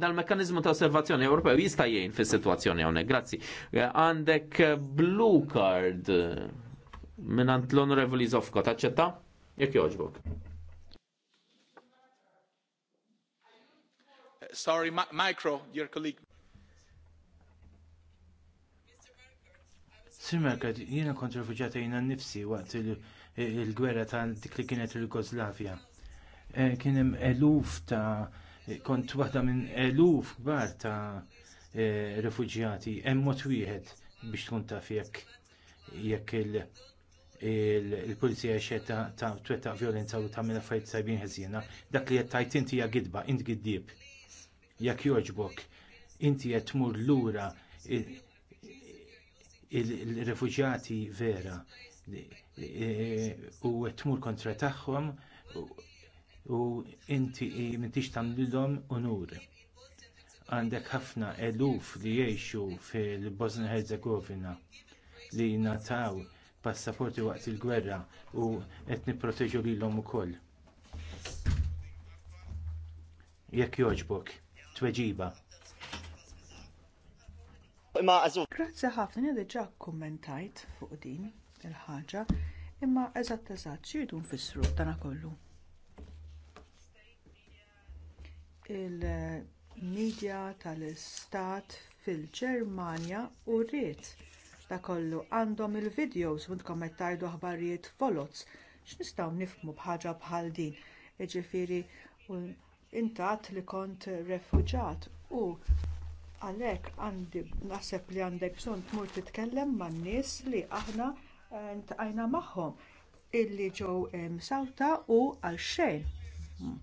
dal-mekanizmu ta' osservazzjoni Ewropew jista' jgħin fis situazzjoni hawnhekk. Grazzi. Għandek blue card minant l-Onorevoli Zofko, taċċetta? Jekk joġbok. Sorry, micro, your colleague. Simek, jiena kont refuġjata jiena nnifsi waqt il-gwerra ta' dik li kienet il-Jugoslavja. E, kien hemm eluf ta' kont waħda minn eluf kbar ta' e, refuġjati, hemm mod wieħed biex tkun taf jekk jekk il- il-pulizija xed ta' twettaq violenza u ta' minna fajt sajbin ħezjena, dak li qed tajt inti hija gidba, inti giddib. Jekk jogħġbok, inti qed tmur lura il-refuġjati vera u tmur kontra tagħhom u inti m'intix tagħmilhom unur. Għandek ħafna eluf li jgħixu fil-Bosnia Herzegovina li nataw passaporti waqt il-gwerra u qed nipproteġu lilhom ukoll. Jekk jogħġbok, tweġiba. Imma għazu. Grazzi ħafna, ġa kommentajt fuq din il ħaġa imma eżatt eżatt xirdu nfissru dana kollu. Il-medja tal-istat fil-Ġermanja u rrit ta' kollu għandhom il-videos u nkommentajdu ħbarijiet tajdu folots x'nistgħu nifhmu bħaġa bħal din. Iġifieri intat li kont refuġat u Għalhekk għandi naħseb li għandek bżonn tmur titkellem man-nies li aħna eh, ntqajna magħhom illi ġew eh, msawta u għal xejn. Hmm.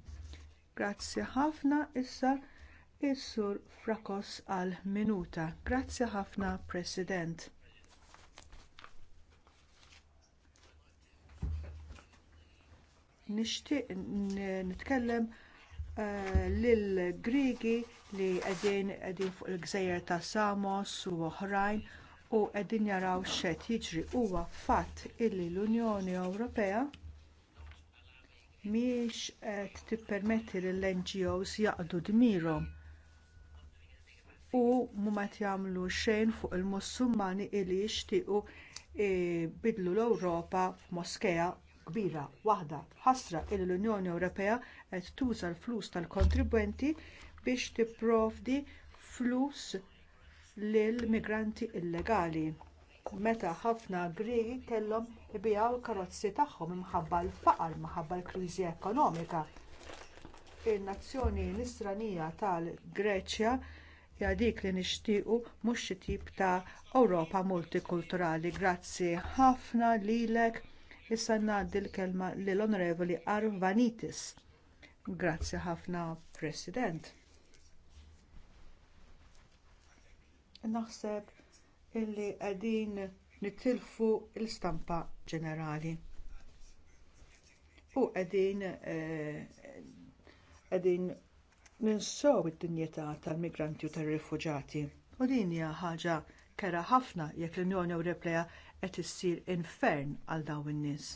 Grazzi ħafna issa is-sur Frakos għal minuta. Grazzi ħafna President. Nixtieq nitkellem Eh, lill grigi li qegħdin qegħdin fuq il-gżejjer ta' Samos u oħrajn u qegħdin jaraw xed jiġri huwa fatt illi l-Unjoni Ewropea mhix qed tippermetti lill-NGOs jaqdu dmirhom u mumet jagħmlu xejn fuq il mussulmani li jixtiequ eh, bidlu l-Ewropa f'moskeja kbira waħda ħasra li l-Unjoni Ewropea qed tuża l-flus tal-kontribwenti biex tipprovdi flus lill migranti illegali. Meta ħafna Griegi kellhom ibijaw karozzi tagħhom imħabba l-faqar minħabba l-kriżi ekonomika. In-nazzjoni nisranija tal-Greċja hija dik li nixtiequ mhux xi tip ta' Ewropa multikulturali. Grazzi ħafna lilek Issa ngħaddi l-kelma lill onorevoli Arvanitis. Grazzi ħafna, President. Naħseb illi qegħdin nitilfu l-istampa ġenerali. U qegħdin eh, qegħdin ninsow id-dinjetà tal-migranti u tar-rifuġati. U din hija ħaġa kera ħafna jekk l-Unjoni Ewropea qed issir infern għal dawn in-nies.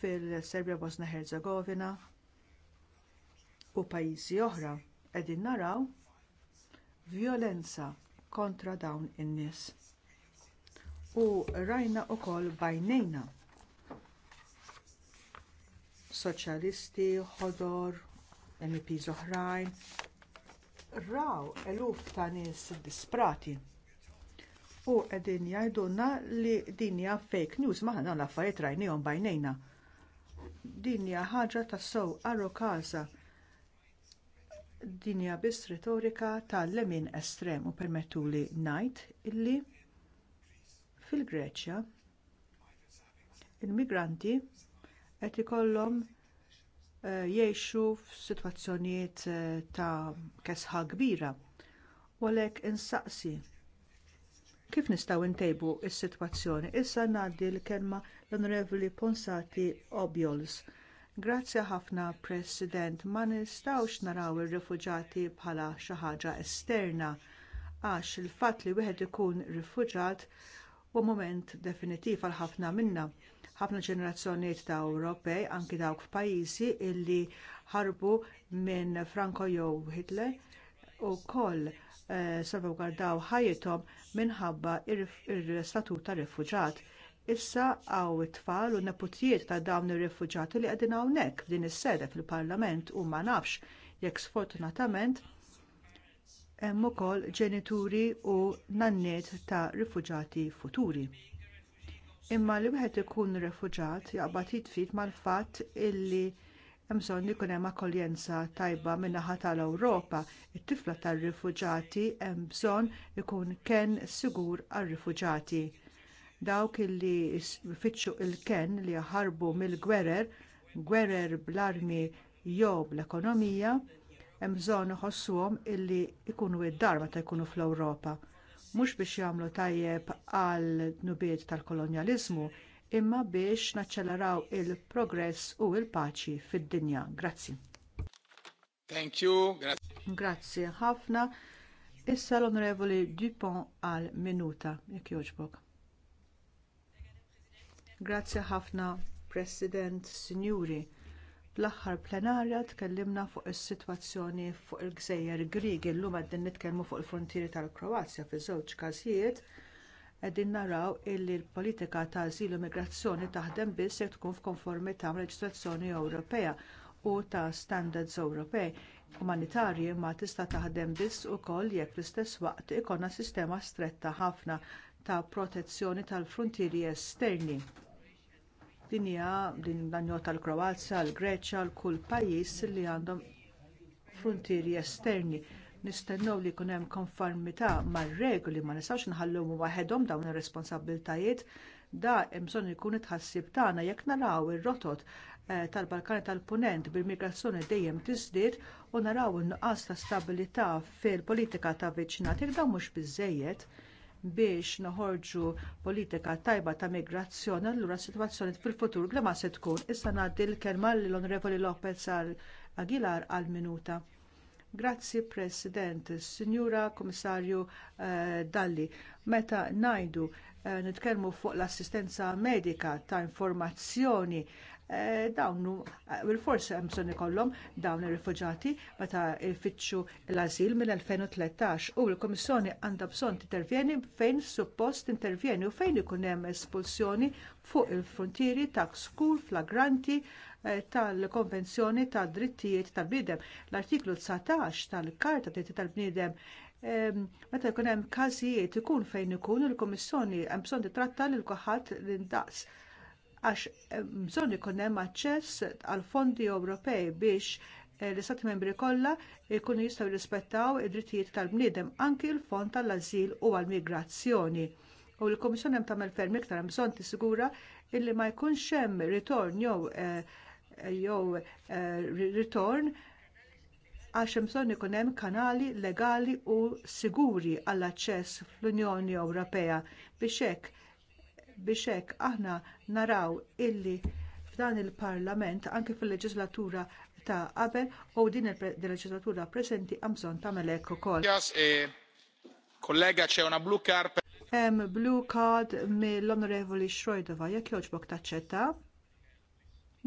Fil-Serbja Bosna Herzegovina u pajjiżi oħra qegħdin naraw vjolenza kontra dawn in-nies. U rajna wkoll bajnejna soċjalisti, ħodor, MP oħrajn, raw eluf ta' nies disprati u qegħdin jgħidulna li dinja fake news ma ħana l-affarijiet rajnihom bajnejna. Dinja ħaġa tas-sew arrokaża. Din dinja biss retorika tal-lemin estrem u permettuli ngħid illi fil-Greċja il-migranti qed ikollhom eh, jgħixu f'sitwazzjonijiet eh, ta' kesħa kbira u għalhekk insaqsi kif nistgħu ntejbu s-sitwazzjoni. Issa ngħaddi l-kelma l-Onorevoli Ponsati Objols. Grazzi ħafna, President. Ma nistgħux naraw ir-rifuġati bħala xi ħaġa esterna għax il-fatt li wieħed ikun rifuġat huwa mument definittiv għal ħafna minnha ħafna ġenerazzjonijiet ta' Ewropej, anki dawk f'pajjiżi illi ħarbu minn Franco jew Hitler u koll Eh, salvaguardaw ħajjithom minħabba ir-statut tar rifuġat. Issa għaw it-tfal u neputijiet ta' dawn ir-rifuġati li qegħdin hawnhekk din is-sede fil-Parlament u ma nafx jekk sfortunatament hemm ukoll ġenituri u nanniet ta' rifuġati futuri. Imma li wieħed ikun rifuġat jaqbad jitfit mal-fatt illi hemm bżonn li jkun hemm akkoljenza tajba min-naħa tal-Ewropa. It-tifla tar-rifuġati hemm bżonn ikun kenn sigur għar-rifuġati. Dawk li jfittxu l kenn li jaħarbu mill-gwerer, gwerer bl-armi jew bl-ekonomija, hemm bżonn iħossuhom illi jkunu id-dar meta jkunu fl-Ewropa. Mhux biex jagħmlu tajjeb għal nubiet tal-kolonjaliżmu, imma biex naċċeleraw il-progress u l il paċi fid-dinja. Grazzi. Thank you. Grazzi ħafna. Issa l-Onorevoli Dupont għal minuta, jekk jogħġbok. Grazzi ħafna, President, Sinjuri. Bl-aħħar plenarja tkellimna fuq is-sitwazzjoni fuq il-Gżejjer Griegi llum qegħdin nitkellmu fuq il-frontieri tal-Kroazja fi żewġ każijiet qegħdin naraw illi l-politika ta' u migrazzjoni taħdem biss jekk tkun f'konformità mal leġislazzjoni Ewropea u ta' standards Ewropej umanitarji ma tista' taħdem biss ukoll jekk fl-istess waqt ikollna sistema stretta ħafna ta' protezzjoni tal-frontieri esterni. Din hija din l tal-Kroazja, l-Greċja, l-kull pajjiż li għandhom frontieri esterni nistennew li jkun hemm konformità mar-regoli ma nistgħux nħallhom waħedhom dawn ir-responsabbiltajiet da hemm bżonn ikun itħassib tħassib tagħna jekk naraw ir-rotot eh, tal-Balkani tal-Punent bil-migrazzjoni dejjem tiżdied u naraw in-nuqqas ta' stabilità fil-politika ta' viċinat jekk dan mhux biżżejjed biex noħorġu politika tajba ta' migrazzjoni, allura s-sitwazzjoni fil-futur li ma se tkun. Issa ngħaddi l-kelma lill onrevoli Lopez Aguilar għal minuta. Grazzi President, Signora Komissarju eh, Dalli, meta ngħidu eh, nitkellmu fuq l-assistenza medika ta' informazzjoni eh, dawnu bil-forsi eh, hemm bżonn ikollhom dawn ir-rifuġati meta jfittxu l-ażil mill-2013 u l-Komissjoni għandha bżonn intervjeni fejn suppost intervjeni u fejn ikun hemm espulsjoni fuq il-frontieri ta' skur flagranti Eh, tal-Konvenzjoni tad drittijiet tal-Bniedem. L-artiklu 19 tal-Karta Drittijiet tal-Bniedem meta jkun hemm każijiet ikun fejn ikun il-Kummissjoni hemm bżonn titratta lil kulħadd l-indaqs għax bżonn ikun hemm aċċess għal fondi Ewropej biex eh, l-istati membri kollha jkunu jistgħu jirrispettaw id-drittijiet tal-bniedem anki l-fond tal ażil u għall-migrazzjoni. U l kummissjoni hemm tagħmel ferm iktar hemm bżonn tisigura illi ma jkunx hemm ritorn jew eh, jew eh, ritorn għax hemm bżonn ikun hemm kanali legali u siguri għall aċċess fl-Unjoni Ewropea biex hekk biex hekk aħna naraw illi f'dan il-Parlament anke fil-leġislatura ta' qabel u din il-leġislatura preżenti hemm bżonn tagħmel hekk ukoll. Kollega e, c'è una blue card. Hemm blue card mill-Onorevoli Schroedova, jekk jogħġbok taċċetta.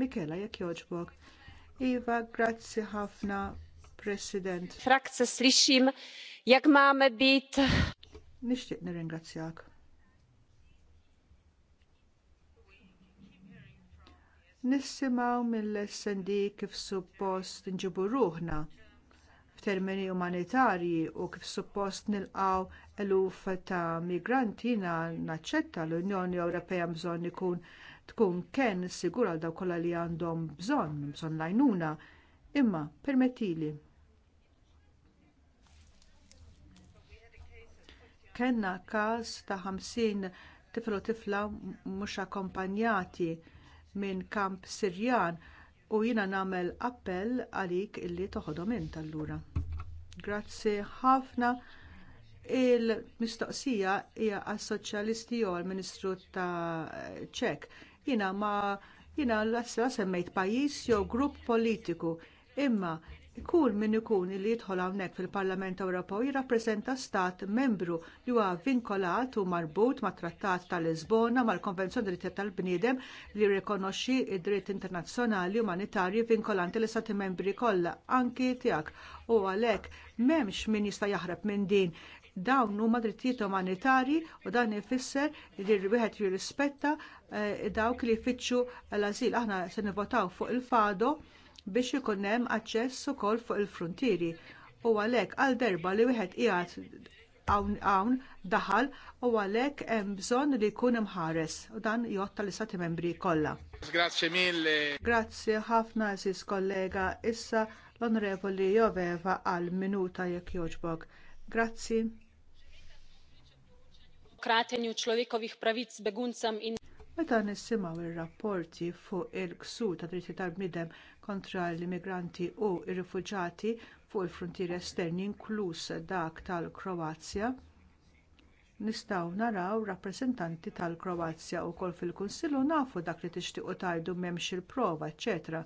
Mikela, jekk jogħġbok. Iva, grazzi ħafna, President. Frakce slixim, jak mamy bit. Nixtieq nirringrazzjak. Nissimaw mill-SND kif suppost nġibu ruħna f'termini umanitarji u kif suppost nilqaw eluf ta' migranti na naċċetta l-Unjoni Ewropea bżonn ikun tkun ken sigur għal dawk kollha li għandhom bżonn, bżonn lajnuna, imma permettili. Kenna każ ta' 50 tifel u tifla mhux akkompanjati minn kamp Sirjan u jiena nagħmel appell għalik illi toħodhom int allura. Grazzi ħafna il-mistoqsija hija għas-soċjalisti jew għall-Ministru ta' Ċek. Jiena ma jina l assa semmejt pajjiż jew grupp politiku. Imma kull min ikun li jidħol hawnhekk fil-Parlament Ewropew jirrappreżenta stat membru li huwa vinkolat u marbut mat Trattat ta' Lisbona mal-Konvenzjoni Drittijiet tal-Bniedem li rikonoxxi id-dritt internazzjonali umanitarji vinkolanti l stati membri kollha anki tiegħek u għalhekk m'hemmx min jista' jaħrab minn din Dawn huma drittijiet umanitarji u dan ifisser li wieħed jirrispetta eh, dawk li jfittxu l-azil. Aħna se nivvotaw fuq il-fado biex ikun hemm aċċess ukoll fuq il-frontieri. U għalhekk għal darba li wieħed qiegħed hawn hawn daħal u għalhekk hemm bżonn li jkun imħares u dan jotta l istati membri kollha. Grazzi mille. Grazzi ħafna eżis kollega issa l-Onorevoli Joveva għal minuta jekk jogħġbok. Grazzi kratenju ċlovikovih pravic beguncam in Meta nisimaw il rapporti fuq il-ksur ta' dritti tal bnidem kontra l-immigranti u r rifuġati fuq il-frontieri esterni inkluż dak tal-Kroazja, nistgħu naraw rappreżentanti tal-Kroazja wkoll fil-Kunsillu nafu dak li tixtiequ tgħidu m'hemmx il-prova, eċetera.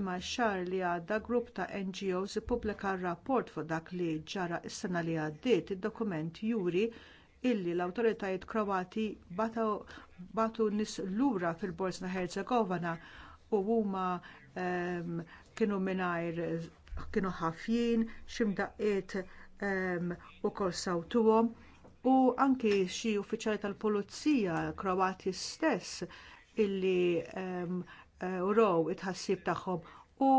Imma x-xahar li għadda grupp ta' NGOs ippubblika rapport fuq dak li ġara s-sena li għaddiet id-dokument juri illi l-awtoritajiet Kroati batu nies lura fil-Bosna Herzegovina u huma um, kienu mingħajr kienu ħafjin, xi um, u kol sawtuhom u anki xi uffiċjali tal-Pulizija Kroati stess illi um, uh, it-ħassib tagħhom u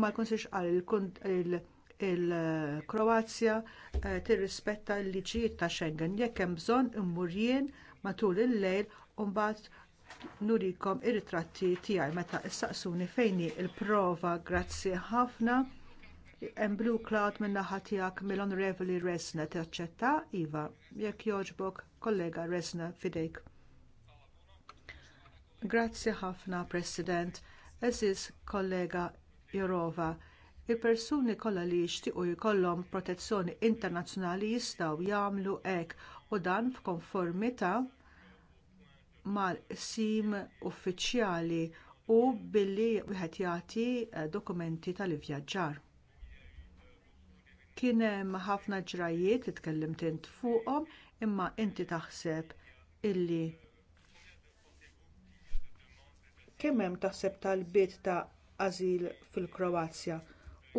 ma jkunx qal il-, il, il il-Kroazja eh, tirrispetta l-liġijiet ta' Schengen. Jekk hemm bżonn immur jien matul il-lejl u mbagħad nurikom ir-ritratti tiegħi meta issaqsuni fejni il prova grazzi ħafna. Hemm blue cloud minn naħa tiegħek mill-Onorevoli Resna taċċetta, Iva, jekk jogħġbok, kollega Resna fidejk. Grazzi ħafna, President. Eżis kollega Jorova Il-persuni kollha li jixtiequ jkollhom protezzjoni internazzjonali jistgħu jagħmlu hekk u dan f'konformità mal-sim uffiċjali u billi wieħed jagħti eh, dokumenti tal-ivvjaġġar kien hemm ħafna ġrajiet li tkellimt int fuqhom imma inti taħseb illi kemm hemm taħseb talbiet ta' ażil fil-Kroazja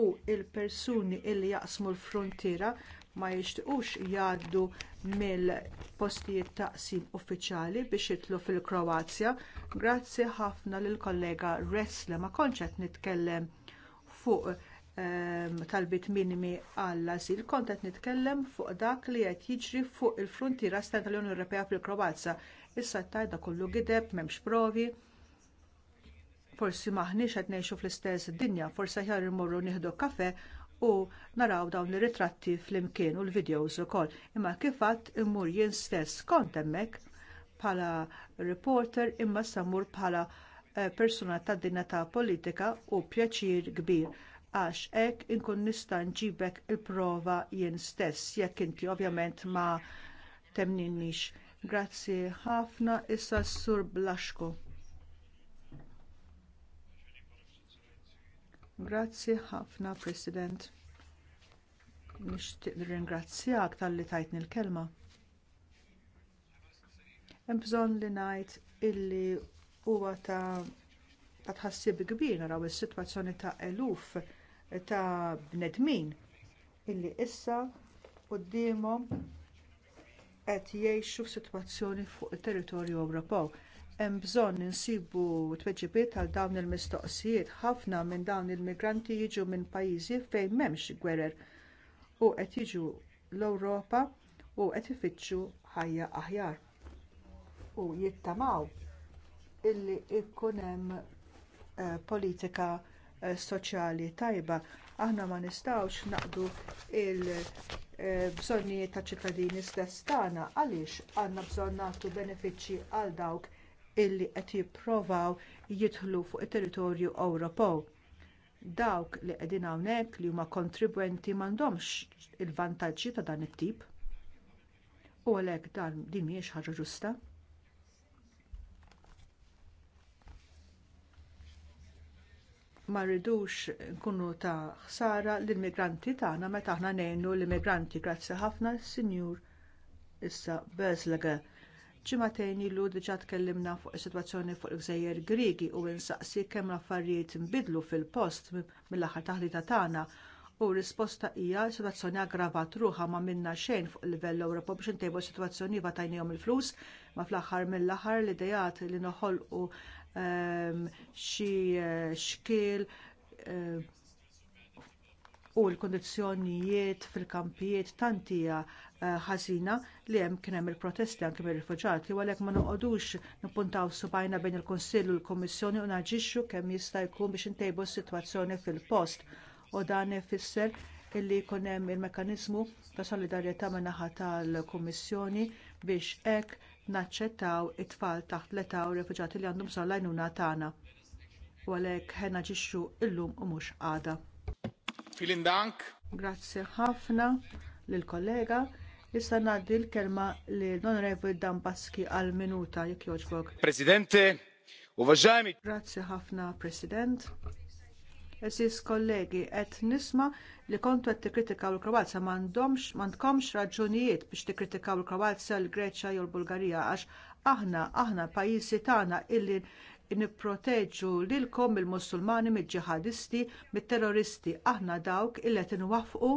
u l persuni illi jaqsmu l-frontiera ma jixtiequx jgħaddu mill-postijiet ta' taqsim uffiċjali biex jitlu fil-Kroazja. Grazzi ħafna lill kollega Ressle ma kontx qed nitkellem fuq um, talbit minimi għall-azil, kont qed nitkellem fuq dak li qed jiġri fuq il-frontiera stan tal-Unjoni Ewropea fil-Kroazja. Issa tajda kollu gideb, m'hemmx provi forsi maħniex qed ngħixu fl-istess dinja, forsi aħjar immorru nieħdu kafe u naraw dawn ir-ritratti flimkien u l-videos ukoll. Imma kif għadd immur jien stess kont hemmhekk bħala reporter imma sammur bħala eh, persuna ta' dinjità politika u pjaċir kbir għax hekk inkun nista' nġibek il-prova jien stess jekk inti ovvjament ma temninniex. Grazzi ħafna issa s-sur Blaxko. Grazzi ħafna, President. Nixtieq ringrazzjak li tajtni l-kelma. Hemm bżonn li ngħid illi huwa ta' ta' tħassib kbir naraw is-sitwazzjoni ta' eluf ta' bnedmin illi issa qudiemhom qed jgħixu f'sitwazzjoni fuq it-territorju Ewropew hemm bżonn insibu tweġibiet għal dawn il-mistoqsijiet. Ħafna minn dawn il-migranti jiġu minn pajjiżi fejn m'hemmx gwerer u qed jiġu l-Ewropa u qed ifittxu ħajja aħjar. U jittamaw illi jkun hemm eh, politika eh, soċjali tajba. Aħna ma nistgħux naqdu l eh, bżonnijiet ta' ċittadini stess tagħna għaliex għandna bżonn nagħtu benefiċċji għal dawk illi qed jippruvaw jidħlu fuq it-territorju Ewropew. Dawk li qegħdin hawnhekk li huma kontribwenti m'għandhomx il-vantaġġi ta' dan it-tip. U għalhekk dan din mhijiex ħaġa ġusta. ma rridux nkunu ta' ħsara l-immigranti tagħna meta aħna ngħinu l-immigranti. Grazzi ħafna, Sinjur issa Bezlega. Ġimatejn ilu diġà tkellimna fuq is-sitwazzjoni fuq il-gżejjer Griegi u insaqsi kemm l-affarijiet nbidlu fil-post mill-aħħar taħlita tagħna u r risposta hija sitwazzjoni aggravat ruħa ma minna xejn fuq il livell Ewropa biex intejbu sitwazzjoni va tajnihom il-flus ma fl-aħħar mill-aħħar l-idejat li noħolqu ehm, xi eh, xkiel eh, u l kundizzjonijiet fil-kampijiet tantija Eh, ħażina li hemm kien hemm il-protesti anke mir-rifuġati u għalhekk ma noqogħdux nippuntaw subajna bejn il-Kunsill u l-Kummissjoni u naġixxu kemm jista' jkun biex intejbu s-sitwazzjoni fil-post u dan ifisser illi jkun hemm il-mekkaniżmu ta' solidarjetà min-naħa tal-Kummissjoni biex hekk naċċettaw it-tfal taħt l-età u rifuġati li għandhom bżonn l-għajnuna tagħna. U għalhekk ħen naġixxu llum u mhux għada. Filin dank. Grazzi ħafna lil kollega Issa ngħaddi l-kelma li l-Onorevoli Dan Baski għal minuta jekk jogħġbok. Presidente, uvaġami. Grazzi ħafna, President. Esis kollegi, et nisma li kontu qed tikkritikaw il-Kroazja m'għandhomx m'għandkomx raġunijiet biex tikkritikaw l kroazja l-Greċja jew l-Bulgarija għax aħna aħna pajjiżi tagħna illi nipproteġu lilkom il-Musulmani mill-ġihadisti, mit-terroristi, aħna dawk illi qed inwaffqu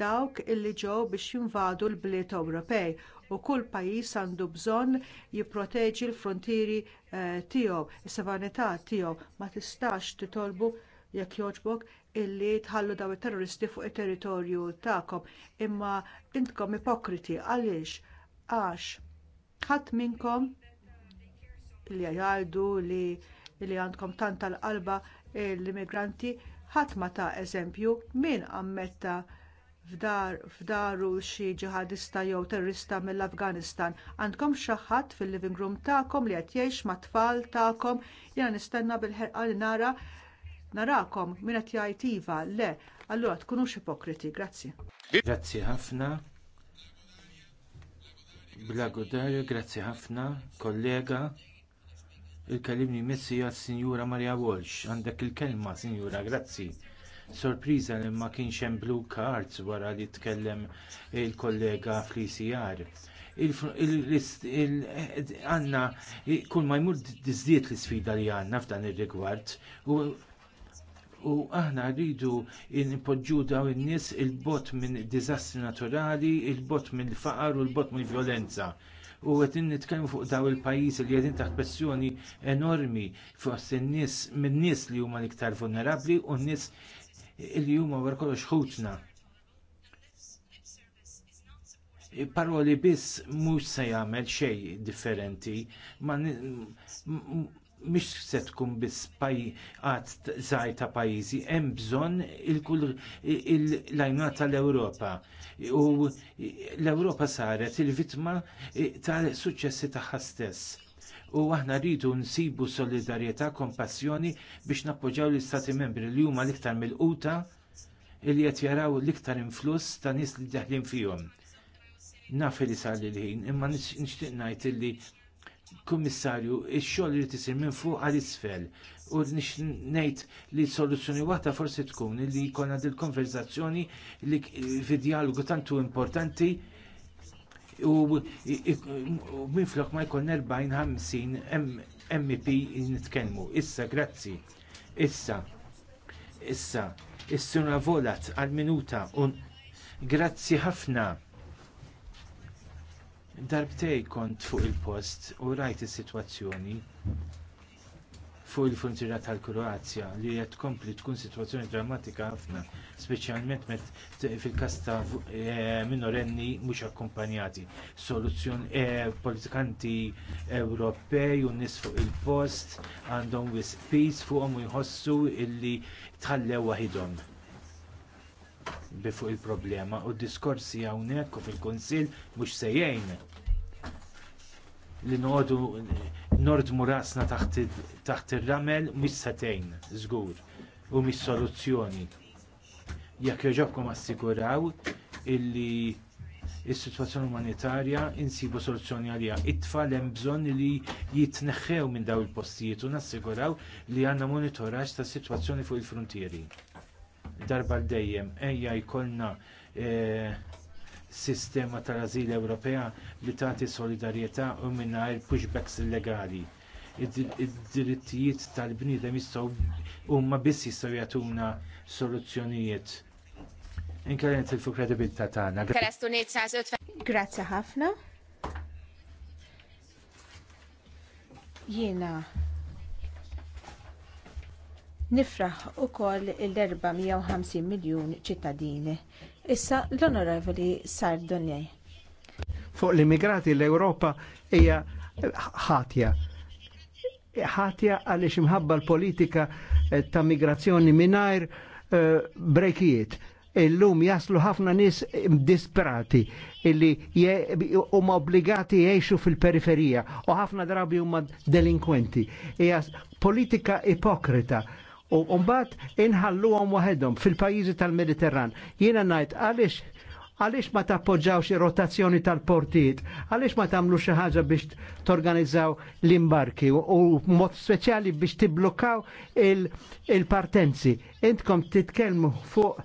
dawk illi ġew biex jinvadu l-bliet Ewropej u kull pajjiż għandu bżonn jipproteġi l-frontieri eh, tiegħu, is-sovranità tiegħu ma tistax titolbu jekk jogħġbok illi tħallu daw it-terroristi fuq it-territorju tagħkom. Imma intkom ipokriti għaliex għax ħadd minnkom li jgħidu li għandkom tant tal-qalba l-immigranti ħadd ma ta' eżempju min ammetta f'daru xi ġihadista jew terrorista mill-Afganistan. Għandkom xi ħadd fil-living room tagħkom li qed jgħix mat-tfal tagħkom jiena nistenna bil-ħerqa li nara narakom min qed jgħid iva le. Allura tkunux ipokriti, grazzi. Grazzi ħafna. Blagodarju, grazzi ħafna, kollega. Il-kelimni missi s Sinjura Maria Walsh. Għandek il-kelma, Sinjura, grazzi sorpriża li ma kienx hemm blue cards wara li tkellem il-kollega fl-ICR. Għanna, kull ma jmur dizdiet l isfida li għandna f'dan ir rigward u aħna rridu nipoġġu daw in-nies il-bot minn diżastri naturali, il-bot minn faqar u l-bot minn violenza. U qed nitkellmu fuq daw il-pajjiżi li qegħdin taħt pressjoni enormi fost in-nies min-nies li huma l-iktar vulnerabbli u n-nies li huma wara kollox ħutna. Paroli biss mhux se jagħmel xejn differenti, ma mhix se tkun biss qatt żgħir ta' pajjiżi, hemm bżonn il-kull il tal-Ewropa. U l-Ewropa saret il-vittma tal-suċċessi tagħha stess u aħna rridu nsibu solidarjetà, kompassjoni biex nappoġġaw l-istati membri li huma l-iktar mill-quta li qed jaraw l-iktar influss ta' nies li daħlin fihom. Naf li sar li ħin, imma nixtieq ngħid illi kummissarju, ix-xogħol li tisir minn fuq għal isfel u nix ngħid li soluzzjoni waħda forsi tkun li jkollna dil konverzazzjoni li fi dialogu tantu importanti u minflok ma jkollna 40-50 MP nitkellmu. Issa, grazzi. Issa, issa, is-suna volat għal-minuta un grazzi ħafna. Darbtej kont fuq il-post u rajt is-sitwazzjoni fuq il-frontiera tal-Kroazja li qed tkompli tkun sitwazzjoni drammatika ħafna, speċjalment fil-każ ta' e, minorenni mhux akkumpanjati. Soluzzjoni e, politikanti Ewropej u nies fuq il-post għandhom wisq peace fuqhom u jħossu illi tħallew waħidhom bi fuq il-problema u d diskorsi hawnhekk u fil-Kunsill mhux sejjejn li noqogħdu nordmu rasna taħt ir-ramel mhix setejn żgur u mhix soluzzjoni. Jekk jogħġobkom assiguraw illi s sitwazzjoni umanitarja insibu soluzzjoni għaliha. It-tfal hemm bżonn li jitneħħew minn dawn il-postijiet u nassiguraw li għandna monitoraġġ tas sitwazzjoni fuq il-frontieri. Darba l-dejjem ejja jkollna eh, sistema tal-azil Ewropea li tagħti solidarjetà u mingħajr pushbacks illegali. Id-drittijiet tal-bniedem jistgħu huma biss jistgħu jagħtuna soluzzjonijiet. Inkella nitilfu kredibilità tagħna. Grazzi ħafna. Jiena nifraħ ukoll l-450 miljun ċittadini Issa l-Onorevoli Sardonjej. Fuq l-immigrati l-Europa hija ħatja. ħatja għaliex imħabba l-politika eh, ta' migrazzjoni mingħajr eh, brekijiet illum jaslu ħafna nis disperati illi huma obbligati jgħixu fil-periferija u ħafna drabi huma delinkwenti. Hija politika ipokrita u mbagħad inħalluhom waħedhom fil-pajjiżi tal-Mediterran. Jiena ngħid għaliex għaliex ma tappoġġawx rotazzjoni tal-portijiet, għaliex ma tagħmlu xi ħaġa biex torganizzaw l-imbarki u mod speċjali biex tibblukkaw il-partenzi. Intkom titkellmu fuq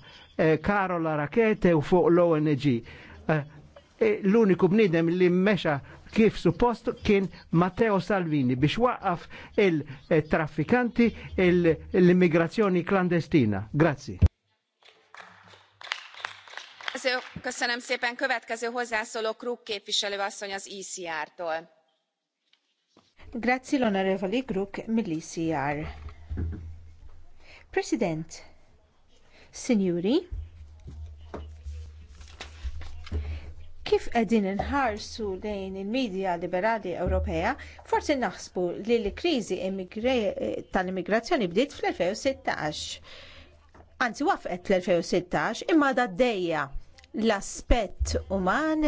Karola eh, Rakete u fuq l-ONG. Eh, eh, l-uniku bnidem li mmexa kif suppost kien Matteo Salvini biex waqqaf il-traffikanti l-immigrazzjoni klandestina. Grazzi. Köszönöm szépen. Következő hozzászóló Krug képviselő asszony az ICR-tól. E Grazie l Krug mill'ICR. President, Signori, qegħdin inħarsu lejn il-medja liberali Ewropea, forsi naħsbu li l-kriżi tal-immigrazzjoni bdiet fl-2016. Anzi wafqet l-2016 imma da l-aspett uman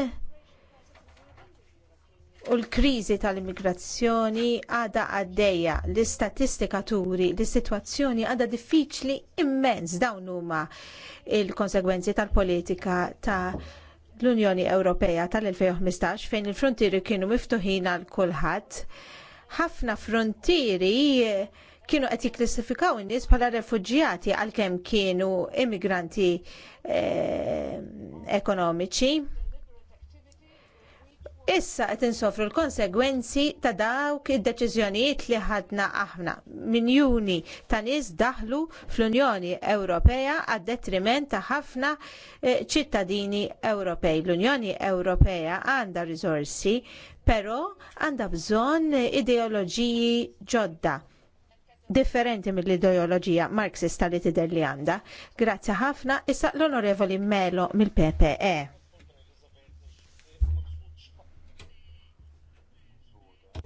u l-kriżi tal-immigrazzjoni għadha għaddejja l-istatistika turi li s-sitwazzjoni għadha diffiċli immens dawn huma l konsegwenzi tal-politika ta' l-Unjoni Ewropea tal-2015 fejn il-frontieri kienu miftuħin għal kulħadd. Ħafna frontieri kienu qed jikklassifikaw in-nies bħala refuġjati għalkemm kienu immigranti eh, ekonomiċi Issa qed insofru l-konsegwenzi ta' dawk id-deċiżjonijiet li ħadna aħna. Minjuni ta' nies daħlu fl-Unjoni Ewropea għad detriment ta' ħafna eh, ċittadini Ewropej. L-Unjoni Ewropea għandha riżorsi, però għandha bżonn ideoloġiji ġodda differenti mill-ideoloġija marxista li tidher li għandha. Grazzi ħafna issa l-Onorevoli Melo mill-PPE.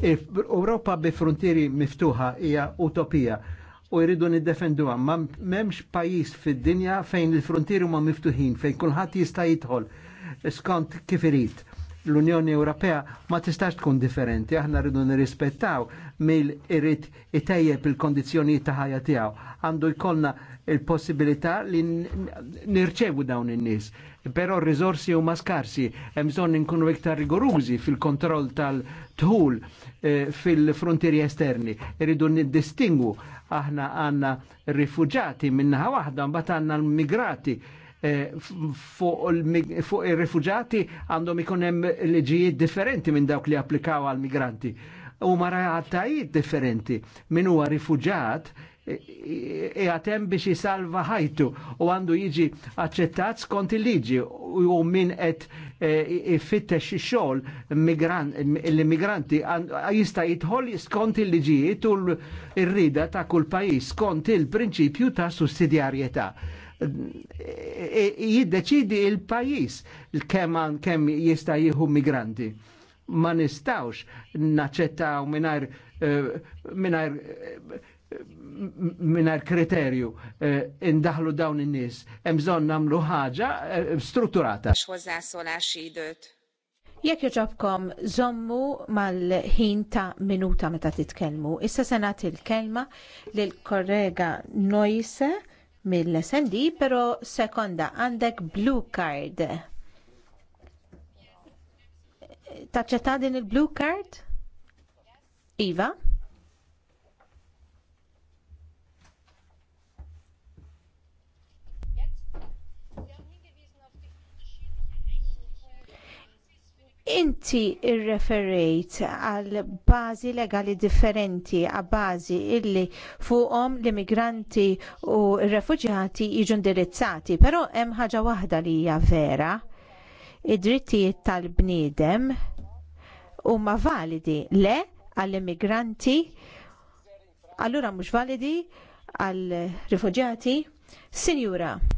Europa bi frontieri miftuħa hija utopija u jridu niddefenduha. Ma m'hemmx pajjiż fid-dinja fejn il-frontieri huma miftuħin, fejn kulħadd jista' jidħol skont kif irid. L-Unjoni Ewropea ma tistax tkun differenti, aħna rridu nirrispettaw mill irid itejjeb il-kondizzjonijiet ta' ħajja tiegħu. Għandu jkollna il-possibilità li nirċevu dawn in-nies però r-riżorsi huma skarsi. Hemm bżonn inkunu iktar rigorużi fil-kontroll tal-tħul eh, fil-frontieri esterni. Irridu niddistingu aħna għandna rifuġati minnaħa waħda mbagħad għandna l-migrati eh, fuq il-rifugġati għandhom ikun hemm liġijiet differenti minn dawk li applikaw għal migranti. U marajatajiet differenti. minn huwa rifugġat jgħatem biex jisalva ħajtu u għandu jiġi accettat skont il-liġi u minn qed eh, ifittex xogħol l-immigranti jista' jitħol skont il-liġijiet u l-rida ta' kull pajis skont il-prinċipju ta' sussidjarjetà. E, e, jiddeċidi il pajis kemm kemm jista' jihu migranti ma nistawx naċċettaw minar eh, minar minar kriterju eh, indaħlu dawn in-nies. Hemm bżonn nagħmlu ħaġa eh, strutturata. Hozzászólási időt. Jekk joġobkom żommu mal-ħin ta' minuta meta titkellmu, issa se nagħti il-kelma lil korrega Noise mill-SND, però sekonda għandek blue card. Taċċetta din il-blue card? Iva? Inti irreferejt għal bażi legali differenti, għal bażi illi fuqhom l-immigranti u r-refuġjati jiġu indirizzati, però hemm ħaġa waħda li hija vera id-drittijiet tal-bniedem huma validi le għall-immigranti, allura mhux validi għall-rifuġjati. Sinjura,